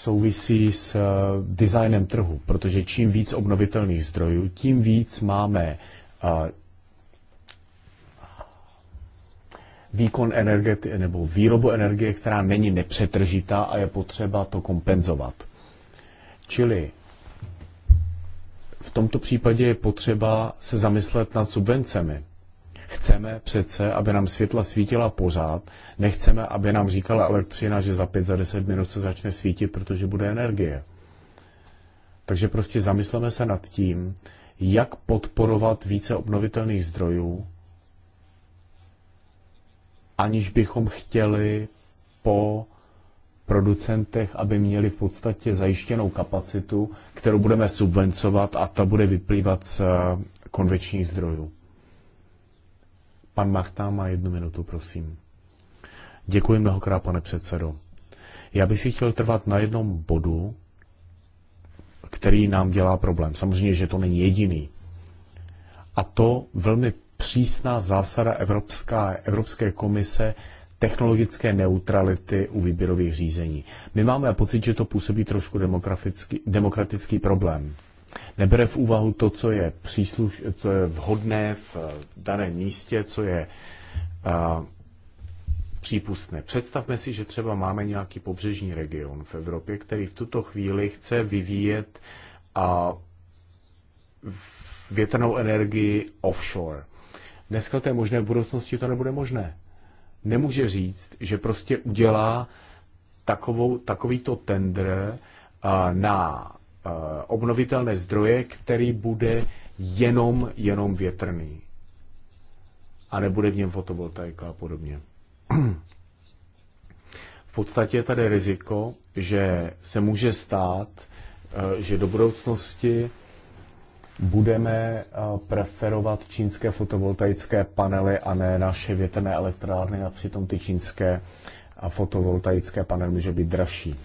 Speaker 3: souvisí s eh, designem trhu, protože čím víc obnovitelných zdrojů, tím víc máme eh, výkon energie nebo výrobu energie, která není nepřetržitá a je potřeba to kompenzovat. Čili v tomto případě je potřeba se zamyslet nad subvencemi. Chceme přece, aby nám světla svítila pořád. Nechceme, aby nám říkala elektřina, že za pět, za deset minut se začne svítit, protože bude energie. Takže prostě zamysleme se nad tím, jak podporovat více obnovitelných zdrojů, aniž bychom chtěli po producentech, aby měli v podstatě zajištěnou kapacitu, kterou budeme subvencovat a ta bude vyplývat z eh, konvečních zdrojů. Pan Machtá má jednu minutu, prosím. Děkuji mnohokrát, pane předsedo. Já bych si chtěl trvat na jednom bodu, který nám dělá problém. Samozřejmě, že to není jediný. A to velmi přísná zásada Evropská, Evropské komise technologické neutrality u výběrových řízení. My máme pocit, že to působí trošku demokratický, demokratický problém nebere v úvahu to, co je, přísluš, co je vhodné v eh, daném místě, co je a, eh, přípustné. Představme si, že třeba máme nějaký pobřežní region v Evropě, který v tuto chvíli chce vyvíjet a, větrnou energii offshore. Dneska to je možné, v budoucnosti to nebude možné. Nemůže říct, že prostě udělá takovou, takovýto tender eh, na Eh, obnovitelné zdroje, který bude jenom, jenom větrný. A nebude v něm fotovoltaika a podobně. V podstatě je tady riziko, že se může stát, eh, že do budoucnosti budeme eh, preferovat čínské fotovoltaické panely a ne naše větrné elektrárny a přitom ty čínské fotovoltaické panely může být dražší.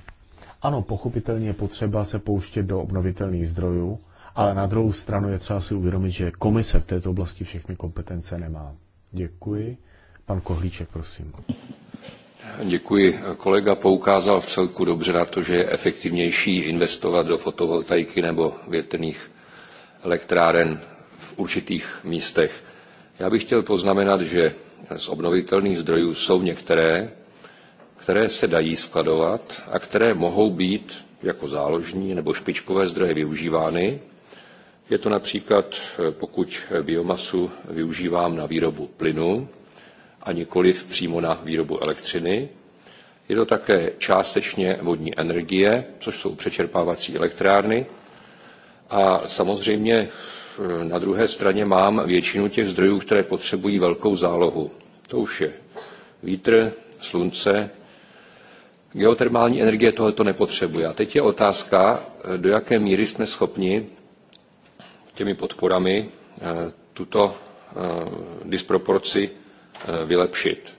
Speaker 3: Ano, pochopitelně je potřeba se pouštět do obnovitelných zdrojů, ale na druhou stranu je třeba si uvědomit, že komise v této oblasti všechny kompetence nemá. Děkuji. Pan Kohlíček, prosím.
Speaker 1: Děkuji. Kolega poukázal v celku dobře na to, že je efektivnější investovat do fotovoltaiky nebo větrných elektráren v určitých místech. Já bych chtěl poznamenat, že z obnovitelných zdrojů jsou některé, které se dají skladovat a které mohou být jako záložní nebo špičkové zdroje využívány. Je to například, eh, pokud biomasu využívám na výrobu plynu a nikoliv přímo na výrobu elektřiny. Je to také částečně vodní energie, což jsou přečerpávací elektrárny. A samozřejmě eh, na druhé straně mám většinu těch zdrojů, které potřebují velkou zálohu. To už je vítr, slunce, Geotermální energie tohleto nepotřebuje. A teď je otázka, eh, do jaké míry jsme schopni těmi podporami eh, tuto eh, disproporci vylepšit.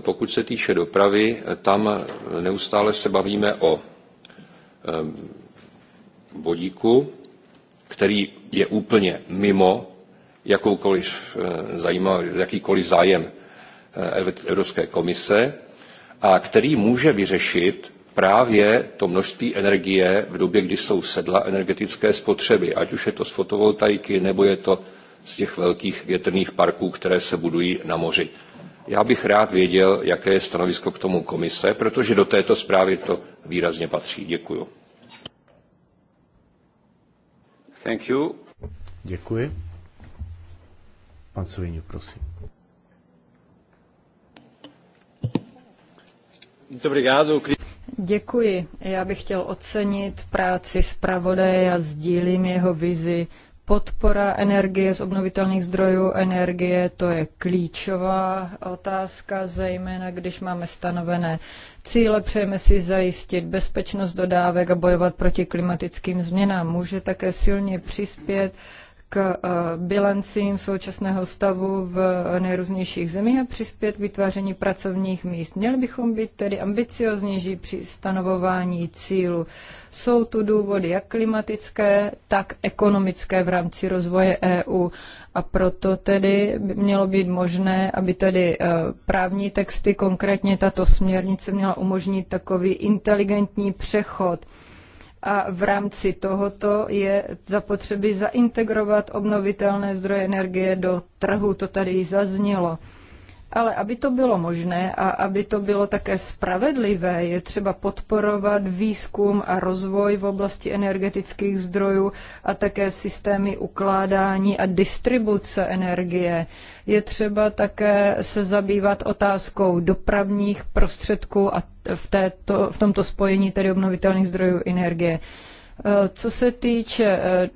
Speaker 1: Pokud se týče dopravy, tam neustále se bavíme o bodíku, který je úplně mimo jakoukoliv jakýkoliv zájem Evropské komise a který může vyřešit právě to množství energie v době, kdy jsou sedla energetické spotřeby, ať už je to z fotovoltaiky, nebo je to z těch velkých větrných parků, které se budují na moři. Já bych rád věděl, jaké je stanovisko k tomu komise, protože do této zprávy to výrazně patří. Děkuju. Thank you.
Speaker 3: Děkuji. Pan Sovině, prosím.
Speaker 4: Děkuji. Já bych chtěl ocenit práci zpravodaje a sdílím jeho vizi. Podpora energie z obnovitelných zdrojů energie, to je klíčová otázka, zejména když máme stanovené cíle, přejeme si zajistit bezpečnost dodávek a bojovat proti klimatickým změnám. Může také silně přispět k eh, bilancím současného stavu v nejrůznějších zemích a přispět k vytváření pracovních míst. Měli bychom být tedy ambicioznější při stanovování cílu. Jsou tu důvody jak klimatické, tak ekonomické v rámci rozvoje EU. A proto tedy by mělo být možné, aby tedy eh, právní texty, konkrétně tato směrnice, měla umožnit takový inteligentní přechod a v rámci tohoto je zapotřebí zaintegrovat obnovitelné zdroje energie do trhu, to tady zaznělo. Ale aby to bylo možné a aby to bylo také spravedlivé, je třeba podporovat výzkum a rozvoj v oblasti energetických zdrojů a také systémy ukládání a distribuce energie. Je třeba také se zabývat otázkou dopravních prostředků a v, této, v tomto spojení tedy obnovitelných zdrojů energie. Co se týče eh,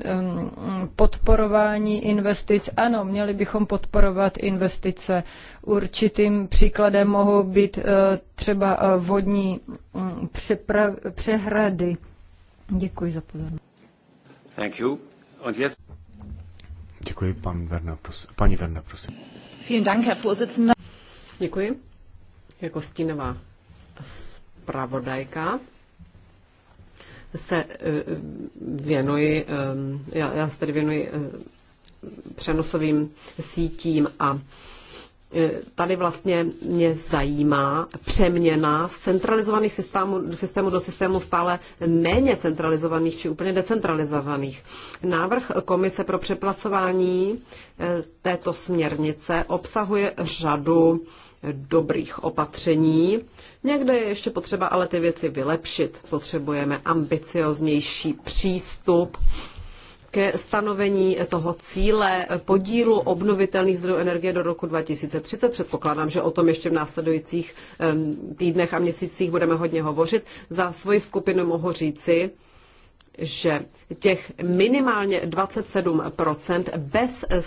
Speaker 4: podporování investic, ano, měli bychom podporovat investice. Určitým příkladem mohou být eh, třeba eh, vodní mm, přehrady. Děkuji za pozornost.
Speaker 3: Thank you. Und jetzt... Děkuji, pan Werner, prosím. paní Werner, prosím.
Speaker 4: Vielen Dank, Herr Vorsitzender. Děkuji.
Speaker 2: Jako stínová zpravodajka se eh, věnuji, eh, já, já se tady věnuji eh, přenosovým sítím a E, tady vlastně mě zajímá přeměna z centralizovaných systémů, systému do systému stále méně centralizovaných či úplně decentralizovaných. Návrh Komise pro přeplacování e, této směrnice obsahuje řadu dobrých opatření. Někde je ještě potřeba ale ty věci vylepšit. Potřebujeme ambicioznější přístup také stanovení toho cíle podílu obnovitelných zdrojů energie do roku 2030. Předpokládám, že o tom ještě v následujících týdnech a měsících budeme hodně hovořit. Za svoji skupinu mohu říci, že těch minimálně 27% bez eh,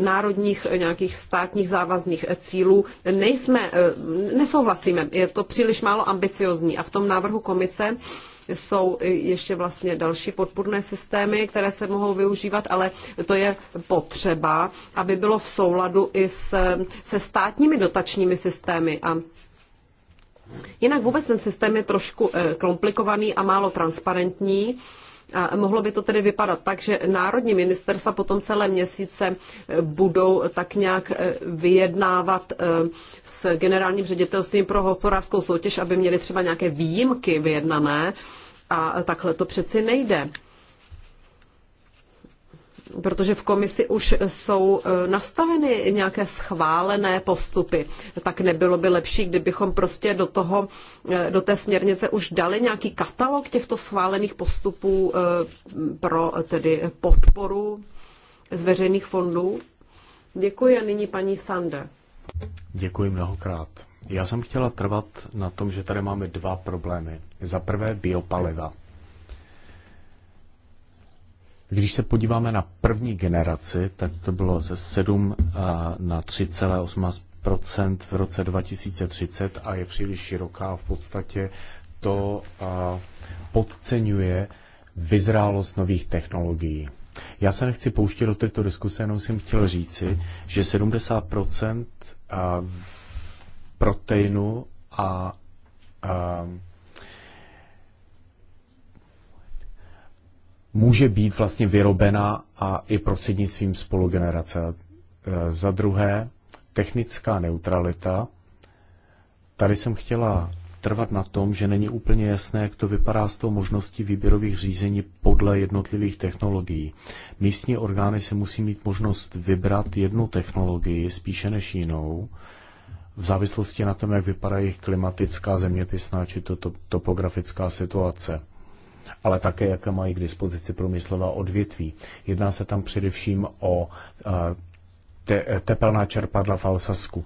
Speaker 2: národních nějakých státních závazných cílů nejsme, eh, nesouhlasíme. Je to příliš málo ambiciozní a v tom návrhu komise jsou ještě vlastně další podpůrné systémy, které se mohou využívat, ale to je potřeba, aby bylo v souladu i s, se státními dotačními systémy a Jinak vůbec ten systém je trošku eh, komplikovaný a málo transparentní a mohlo by to tedy vypadat tak, že národní ministerstva potom celé měsíce eh, budou eh, tak nějak eh, vyjednávat s generálním ředitelstvím pro hospodářskou soutěž, aby měli třeba nějaké výjimky vyjednané. A takhle to přeci nejde protože v komisi už jsou e, nastaveny nějaké schválené postupy, tak nebylo by lepší, kdybychom prostě do, toho, e, do té směrnice už dali nějaký katalog těchto schválených postupů e, pro tedy podporu z veřejných fondů. Děkuji a nyní paní Sande.
Speaker 3: Děkuji mnohokrát. Já jsem chtěla trvat na tom, že tady máme dva problémy. Za prvé biopaliva. Když se podíváme na první generaci, tak to bylo ze 7 eh, na 3,8 v roce 2030 a je příliš široká v podstatě to eh, podceňuje vyzrálost nových technologií. Já se nechci pouštět do této diskuse, jenom jsem chtěl říci, že 70 eh, proteinu a, a může být vlastně vyrobena a i prostřednictvím spolugenerace. E, za druhé, technická neutralita. Tady jsem chtěla trvat na tom, že není úplně jasné, jak to vypadá s tou možností výběrových řízení podle jednotlivých technologií. Místní orgány si musí mít možnost vybrat jednu technologii spíše než jinou, v závislosti na tom, jak vypadá jejich klimatická, zeměpisná či to, to, topografická situace ale také jaké mají k dispozici průmyslová odvětví. Jedná se tam především o te, tepelná čerpadla v Alsasku.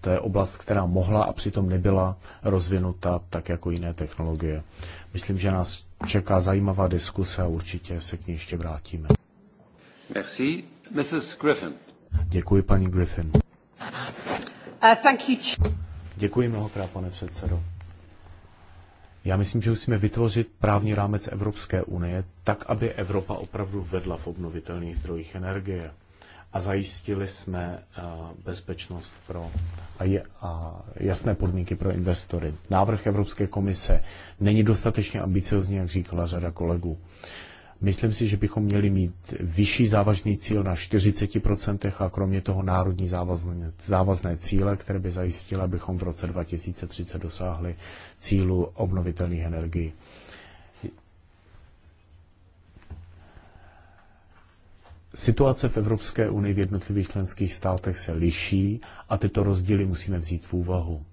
Speaker 3: To je oblast, která mohla a přitom nebyla rozvinuta tak jako jiné technologie. Myslím, že nás čeká zajímavá diskuse a určitě se k ní ještě vrátíme.
Speaker 1: Merci. Mrs. Griffin.
Speaker 3: Děkuji, paní Griffin.
Speaker 2: Uh, thank you.
Speaker 3: Děkuji mnohokrát, pane předsedo. Já myslím, že musíme vytvořit právní rámec Evropské unie tak, aby Evropa opravdu vedla v obnovitelných zdrojích energie. A zajistili jsme eh, bezpečnost pro a, je, a jasné podmínky pro investory. Návrh Evropské komise není dostatečně ambiciozní, jak říkala řada kolegů. Myslím si, že bychom měli mít vyšší závažný cíl na 40% a kromě toho národní závazné, závazné cíle, které by zajistily, abychom v roce 2030 dosáhli cílu obnovitelných energií. Situace v Evropské unii v jednotlivých členských státech se liší a tyto rozdíly musíme vzít v úvahu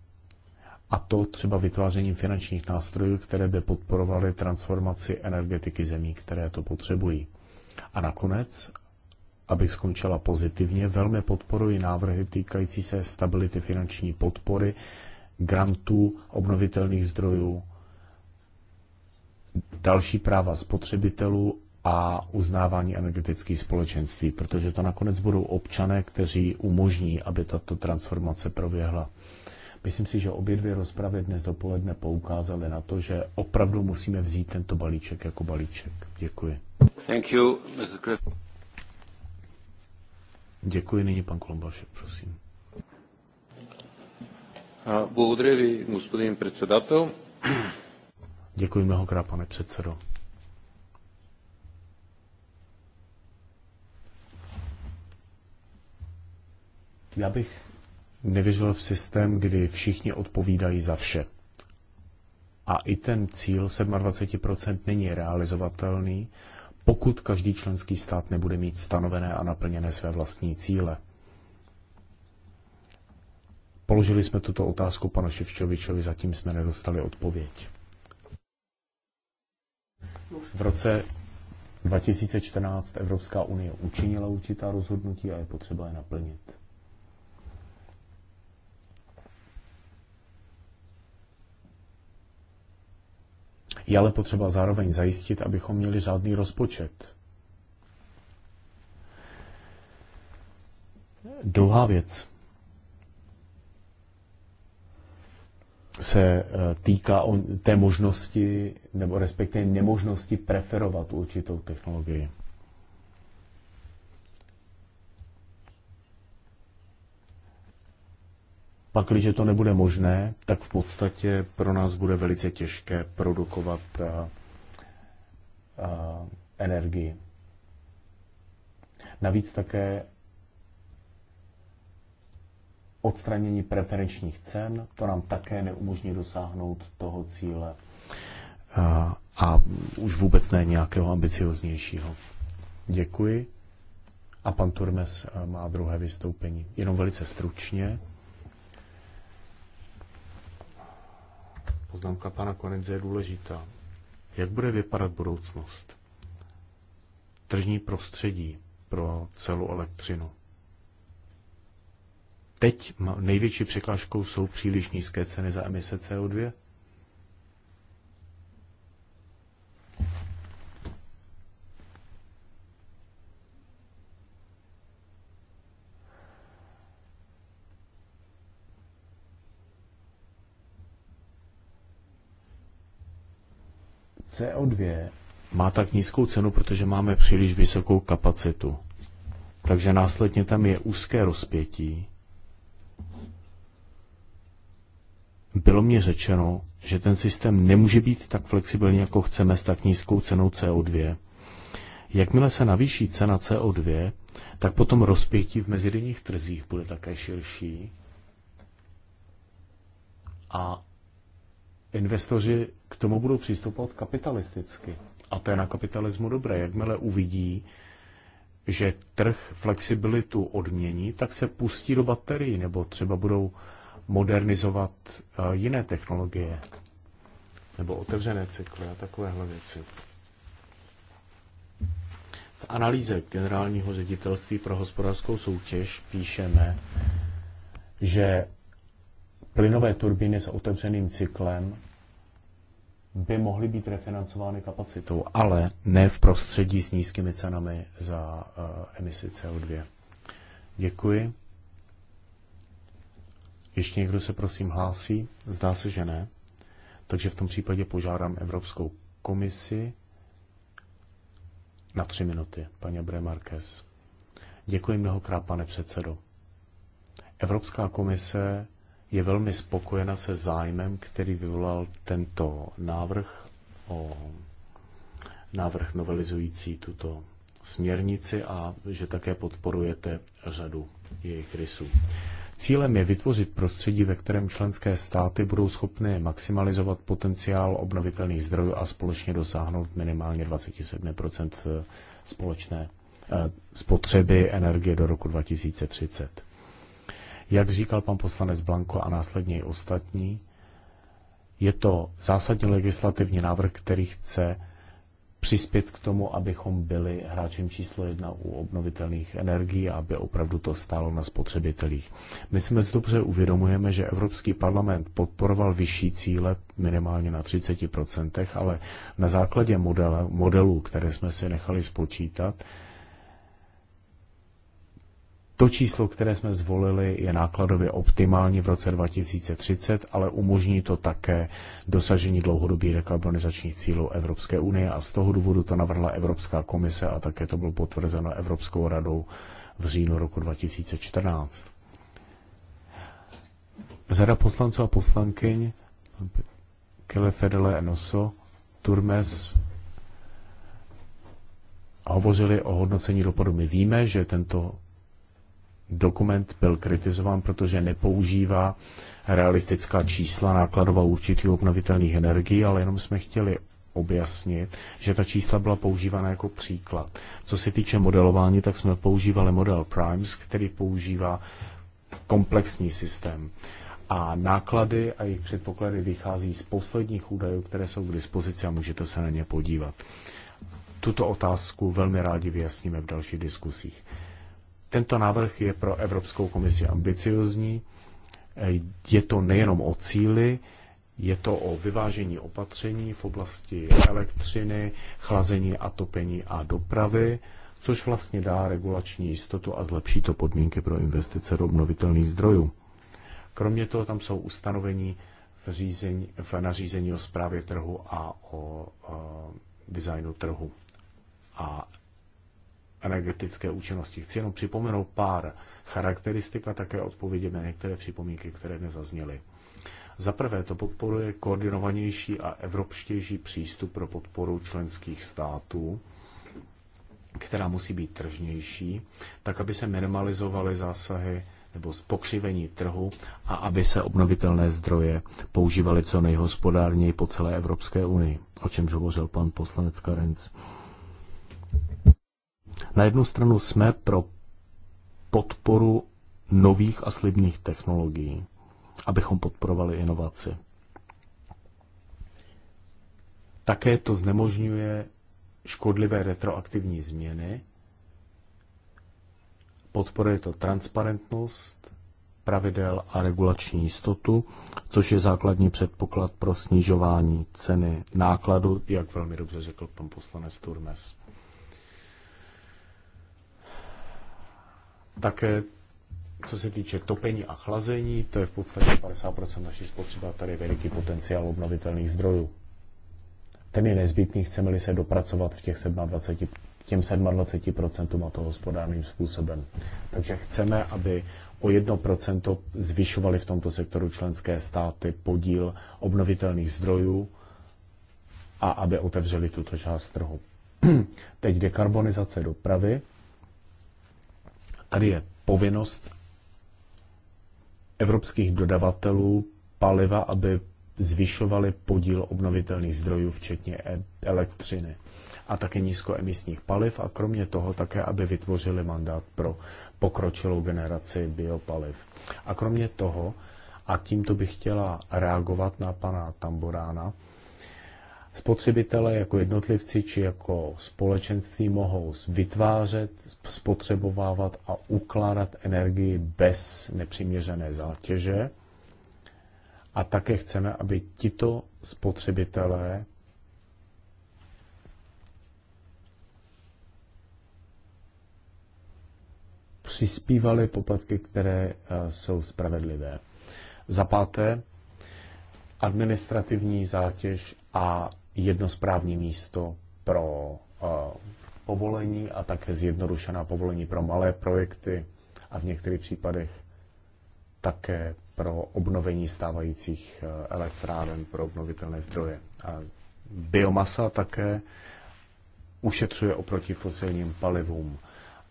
Speaker 3: a to třeba vytvářením finančních nástrojů, které by podporovaly transformaci energetiky zemí, které to potřebují. A nakonec, aby skončila pozitivně, velmi podporuji návrhy týkající se stability finanční podpory, grantů, obnovitelných zdrojů, další práva spotřebitelů a uznávání energetických společenství, protože to nakonec budou občané, kteří umožní, aby tato transformace proběhla. Myslím si, že obě dvě rozpravy dnes dopoledne poukázaly na to, že opravdu musíme vzít tento balíček jako balíček. Děkuji.
Speaker 1: Thank you, Mr.
Speaker 3: Děkuji. Nyní pan Kolombašek, prosím.
Speaker 1: Благодаря господин председател.
Speaker 3: Děkuji mnohokrát, pane předsedo. Já bych nevěřil v systém, kdy všichni odpovídají za vše. A i ten cíl 27% není realizovatelný, pokud každý členský stát nebude mít stanovené a naplněné své vlastní cíle. Položili jsme tuto otázku panu Ševčovičovi, zatím jsme nedostali odpověď. V roce 2014 Evropská unie učinila určitá rozhodnutí a je potřeba je naplnit. Je ale potřeba zároveň zajistit, abychom měli řádný rozpočet. Druhá věc se eh, týká té možnosti, nebo respektive nemožnosti preferovat určitou technologii. Pak, když to nebude možné, tak v podstatě pro nás bude velice těžké produkovat a, eh, a, eh, energii. Navíc také odstranění preferenčních cen, to nám také neumožní dosáhnout toho cíle a, eh, a už vůbec ne nějakého ambicioznějšího. Děkuji. A pan Turmes má druhé vystoupení. Jenom velice stručně. Poznámka pana Konence je důležitá. Jak bude vypadat budoucnost? Tržní prostředí pro celou elektřinu. Teď největší překážkou jsou příliš nízké ceny za emise CO2, CO2 má tak nízkou cenu, protože máme příliš vysokou kapacitu. Takže následně tam je úzké rozpětí. Bylo mě řečeno, že ten systém nemůže být tak flexibilní, jako chceme s tak nízkou cenou CO2. Jakmile se navýší cena CO2, tak potom rozpětí v mezidenních trzích bude také širší a investoři k tomu budou přistupovat kapitalisticky. A to je na kapitalismu dobré. Jakmile uvidí, že trh flexibilitu odmění, tak se pustí do baterií nebo třeba budou modernizovat eh, jiné technologie nebo otevřené cykly a takovéhle věci. V analýze generálního ředitelství pro hospodářskou soutěž píšeme, že plynové turbíny s otevřeným cyklem by mohly být refinancovány kapacitou, ale ne v prostředí s nízkými cenami za eh, emisi CO2. Děkuji. Ještě někdo se prosím hlásí? Zdá se, že ne. Takže v tom případě požádám Evropskou komisi na tři minuty, paní Bre Marquez. Děkuji mnohokrát, pane předsedo. Evropská komise je velmi spokojena se zájmem, který vyvolal tento návrh o návrh novelizující tuto směrnici a že také podporujete řadu jejich rysů. Cílem je vytvořit prostředí, ve kterém členské státy budou schopny maximalizovat potenciál obnovitelných zdrojů a společně dosáhnout minimálně 27 eh, společné eh, spotřeby energie do roku 2030. Jak říkal pan poslanec Blanko a následně i ostatní, je to zásadní legislativní návrh, který chce přispět k tomu, abychom byli hráčem číslo jedna u obnovitelných energií a aby opravdu to stálo na spotřebitelích. My jsme si dobře uvědomujeme, že Evropský parlament podporoval vyšší cíle minimálně na 30%, ale na základě modelu, modelů, které jsme si nechali spočítat, to číslo, které jsme zvolili, je nákladově optimální v roce 2030, ale umožní to také dosažení dlouhodobých dekarbonizačních cílů Evropské unie a z toho důvodu to navrhla Evropská komise a také to bylo potvrzeno Evropskou radou v říjnu roku 2014. Zada poslanců a poslankyň Kele Fedele Enoso, Turmes, a hovořili o hodnocení dopadu. My víme, že tento dokument byl kritizován, protože nepoužívá realistická čísla nákladová určitých obnovitelných energií, ale jenom jsme chtěli objasnit, že ta čísla byla používána jako příklad. Co se týče modelování, tak jsme používali model Primes, který používá komplexní systém. A náklady a jejich předpoklady vychází z posledních údajů, které jsou k dispozici a můžete se na ně podívat. Tuto otázku velmi rádi vyjasníme v dalších diskusích. Tento návrh je pro Evropskou komisi ambiciozní. Je to nejenom o cíli, je to o vyvážení opatření v oblasti elektřiny, chlazení a topení a dopravy, což vlastně dá regulační jistotu a zlepší to podmínky pro investice do obnovitelných zdrojů. Kromě toho tam jsou ustanovení v, řízení, v nařízení o zprávě trhu a o, o e, designu trhu a energetické účinnosti. Chci jenom připomenout pár charakteristik a také odpovědi na některé připomínky, které dnes zazněly. Za prvé to podporuje koordinovanější a evropštější přístup pro podporu členských států, která musí být tržnější, tak aby se minimalizovaly zásahy nebo pokřivení trhu a aby se obnovitelné zdroje používaly co nejhospodárněji po celé Evropské unii, o čemž hovořil pan poslanec Karenc. Na jednu stranu jsme pro podporu nových a slibných technologií, abychom podporovali inovaci. Také to znemožňuje škodlivé retroaktivní změny, podporuje to transparentnost pravidel a regulační jistotu, což je základní předpoklad pro snižování ceny nákladu, jak velmi dobře řekl pan poslanec Turmes. Také co se týče topení a chlazení, to je v podstatě 50% naší spotřeba, tady je veliký potenciál obnovitelných zdrojů. Ten je nezbytný, chceme-li se dopracovat v těch 27, těm 27% a to hospodárným způsobem. Takže chceme, aby o 1% zvyšovaly v tomto sektoru členské státy podíl obnovitelných zdrojů a aby otevřeli tuto část trhu. <clears throat> Teď dekarbonizace dopravy. Tady je povinnost evropských dodavatelů paliva, aby zvyšovali podíl obnovitelných zdrojů, včetně elektřiny a také nízkoemisních paliv a kromě toho také, aby vytvořili mandát pro pokročilou generaci biopaliv. A kromě toho, a tímto bych chtěla reagovat na pana Tamborána, Spotřebitelé jako jednotlivci či jako společenství mohou vytvářet, spotřebovávat a ukládat energii bez nepřiměřené zátěže. A také chceme, aby tito spotřebitelé přispívali poplatky, které eh, jsou spravedlivé. Za páté, administrativní zátěž a jedno správní místo pro eh, povolení a také zjednodušená povolení pro malé projekty a v některých případech také pro obnovení stávajících eh, elektráren pro obnovitelné zdroje. A biomasa také ušetřuje oproti fosilním palivům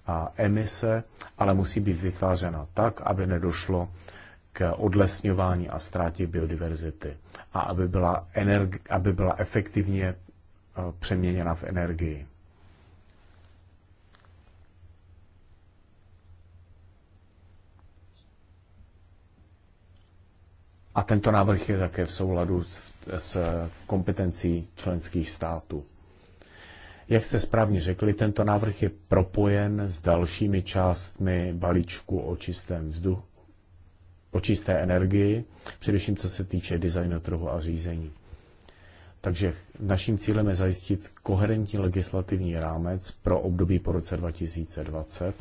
Speaker 3: a emise, ale musí být vytvářena tak, aby nedošlo k odlesňování a ztrátě biodiverzity a aby byla, energi- aby byla efektivně eh, přeměněna v energii. A tento návrh je také v souladu s, s kompetencí členských států. Jak jste správně řekli, tento návrh je propojen s dalšími částmi balíčku o čistém vzduchu, o čisté energii, především co se týče designu trhu a řízení. Takže naším cílem je zajistit koherentní legislativní rámec pro období po roce 2020,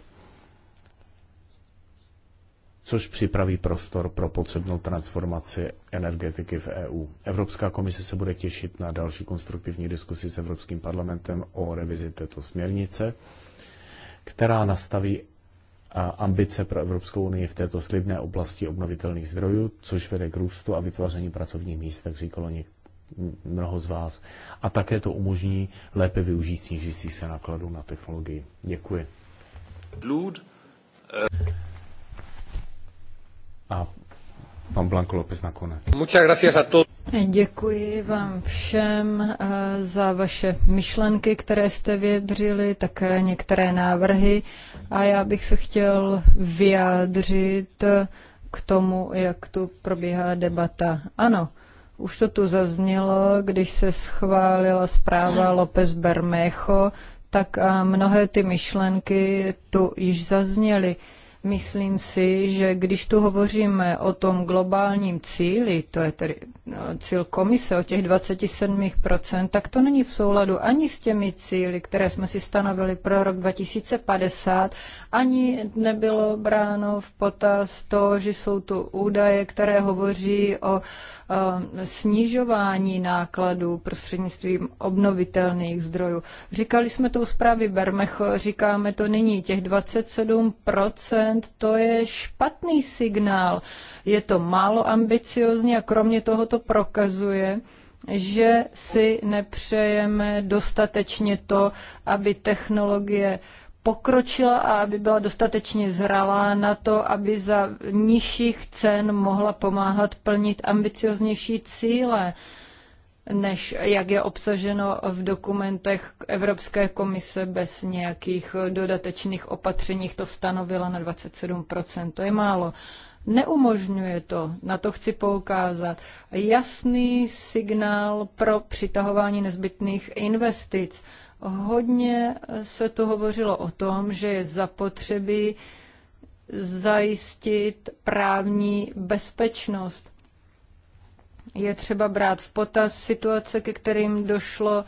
Speaker 3: což připraví prostor pro potřebnou transformaci energetiky v EU. Evropská komise se bude těšit na další konstruktivní diskusi s Evropským parlamentem o revizi této směrnice, která nastaví ambice pro Evropskou unii v této slibné oblasti obnovitelných zdrojů, což vede k růstu a vytváření pracovních míst, tak říkalo něk- mnoho z vás. A také to umožní lépe využít snížící se nákladů na technologii. Děkuji.
Speaker 1: Eh,
Speaker 3: a pan Blanco López nakonec. Muchas gracias a todos.
Speaker 4: Děkuji vám všem eh, za vaše myšlenky, které jste vyjadřili, také některé návrhy. A já bych se chtěl vyjádřit eh, k tomu, jak tu probíhá debata. Ano, už to tu zaznělo, když se schválila zpráva López Bermejo, tak eh, mnohé ty myšlenky tu již zazněly. Myslím si, že když tu hovoříme o tom globálním cíli, to je tedy no, cíl komise o těch 27%, tak to není v souladu ani s těmi cíly, které jsme si stanovili pro rok 2050, ani nebylo bráno v potaz to, že jsou tu údaje, které hovoří o eh, snižování nákladů prostřednictvím obnovitelných zdrojů. Říkali jsme to u zprávy Bermecho, říkáme to nyní, těch 27% to je špatný signál. Je to málo ambiciozní a kromě toho to prokazuje, že si nepřejeme dostatečně to, aby technologie pokročila a aby byla dostatečně zralá na to, aby za nižších cen mohla pomáhat plnit ambicioznější cíle než jak je obsaženo v dokumentech Evropské komise bez nějakých dodatečných opatřeních, to stanovila na 27%. To je málo. Neumožňuje to, na to chci poukázat, jasný signál pro přitahování nezbytných investic. Hodně se tu hovořilo o tom, že je zapotřebí zajistit právní bezpečnost je třeba brát v potaz situace, ke kterým došlo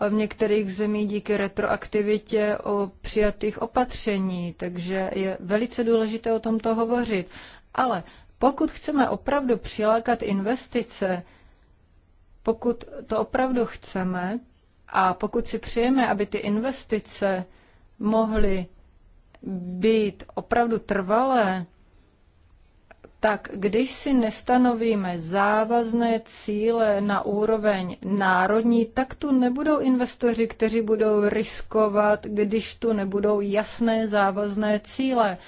Speaker 4: eh, v některých zemích díky retroaktivitě o přijatých opatření, takže je velice důležité o tomto hovořit. Ale pokud chceme opravdu přilákat investice, pokud to opravdu chceme a pokud si přejeme, aby ty investice mohly být opravdu trvalé, tak když si nestanovíme závazné cíle na úroveň národní, tak tu nebudou investoři, kteří budou riskovat, když tu nebudou jasné závazné cíle.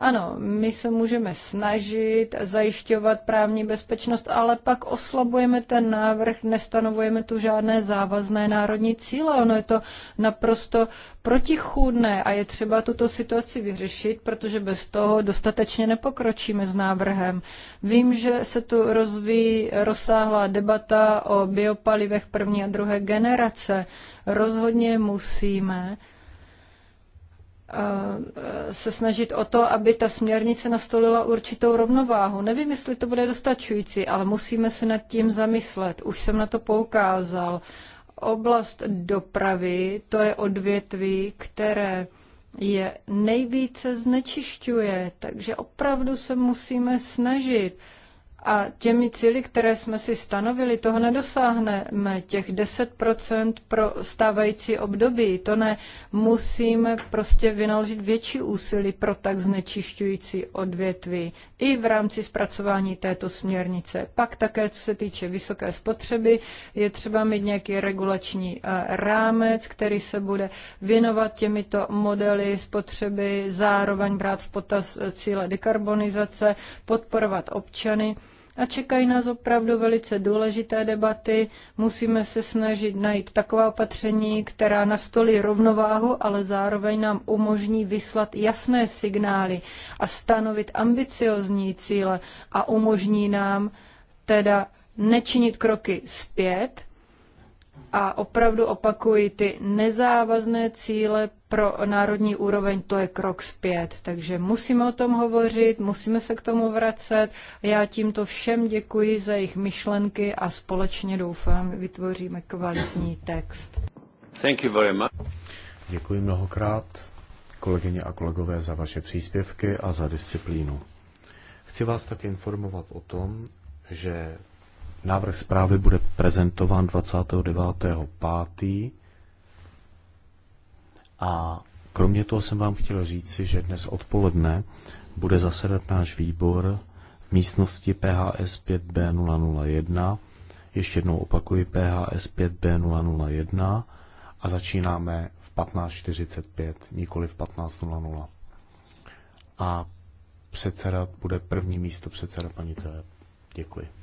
Speaker 4: Ano, my se můžeme snažit zajišťovat právní bezpečnost, ale pak oslabujeme ten návrh, nestanovujeme tu žádné závazné národní cíle. Ono je to naprosto protichůdné a je třeba tuto situaci vyřešit, protože bez toho dostatečně nepokročíme s návrhem. Vím, že se tu rozvíjí rozsáhlá debata o biopalivech první a druhé generace. Rozhodně musíme se snažit o to, aby ta směrnice nastolila určitou rovnováhu. Nevím, jestli to bude dostačující, ale musíme se nad tím zamyslet. Už jsem na to poukázal. Oblast dopravy, to je odvětví, které je nejvíce znečišťuje, takže opravdu se musíme snažit. A těmi cíly, které jsme si stanovili, toho nedosáhneme. Těch 10% pro stávající období, to ne. Musíme prostě vynaložit větší úsilí pro tak znečišťující odvětví i v rámci zpracování této směrnice. Pak také, co se týče vysoké spotřeby, je třeba mít nějaký regulační eh, rámec, který se bude věnovat těmito modely spotřeby, zároveň brát v potaz eh, cíle dekarbonizace, podporovat občany a čekají nás opravdu velice důležité debaty. Musíme se snažit najít taková opatření, která nastolí rovnováhu, ale zároveň nám umožní vyslat jasné signály a stanovit ambiciozní cíle a umožní nám teda nečinit kroky zpět, a opravdu opakuji, ty nezávazné cíle pro národní úroveň, to je krok zpět. Takže musíme o tom hovořit, musíme se k tomu vracet. Já tímto všem děkuji za jejich myšlenky a společně doufám, vytvoříme kvalitní text.
Speaker 1: Thank you very much.
Speaker 3: Děkuji mnohokrát, kolegyně a kolegové, za vaše příspěvky a za disciplínu. Chci vás také informovat o tom, že Návrh zprávy bude prezentován 29.5. A kromě toho jsem vám chtěl říci, že dnes odpoledne bude zasedat náš výbor v místnosti PHS 5B001. Ještě jednou opakuji PHS 5B001 a začínáme v 15.45, nikoli v 15.00. A předseda bude první místo předseda paní Tele. Děkuji.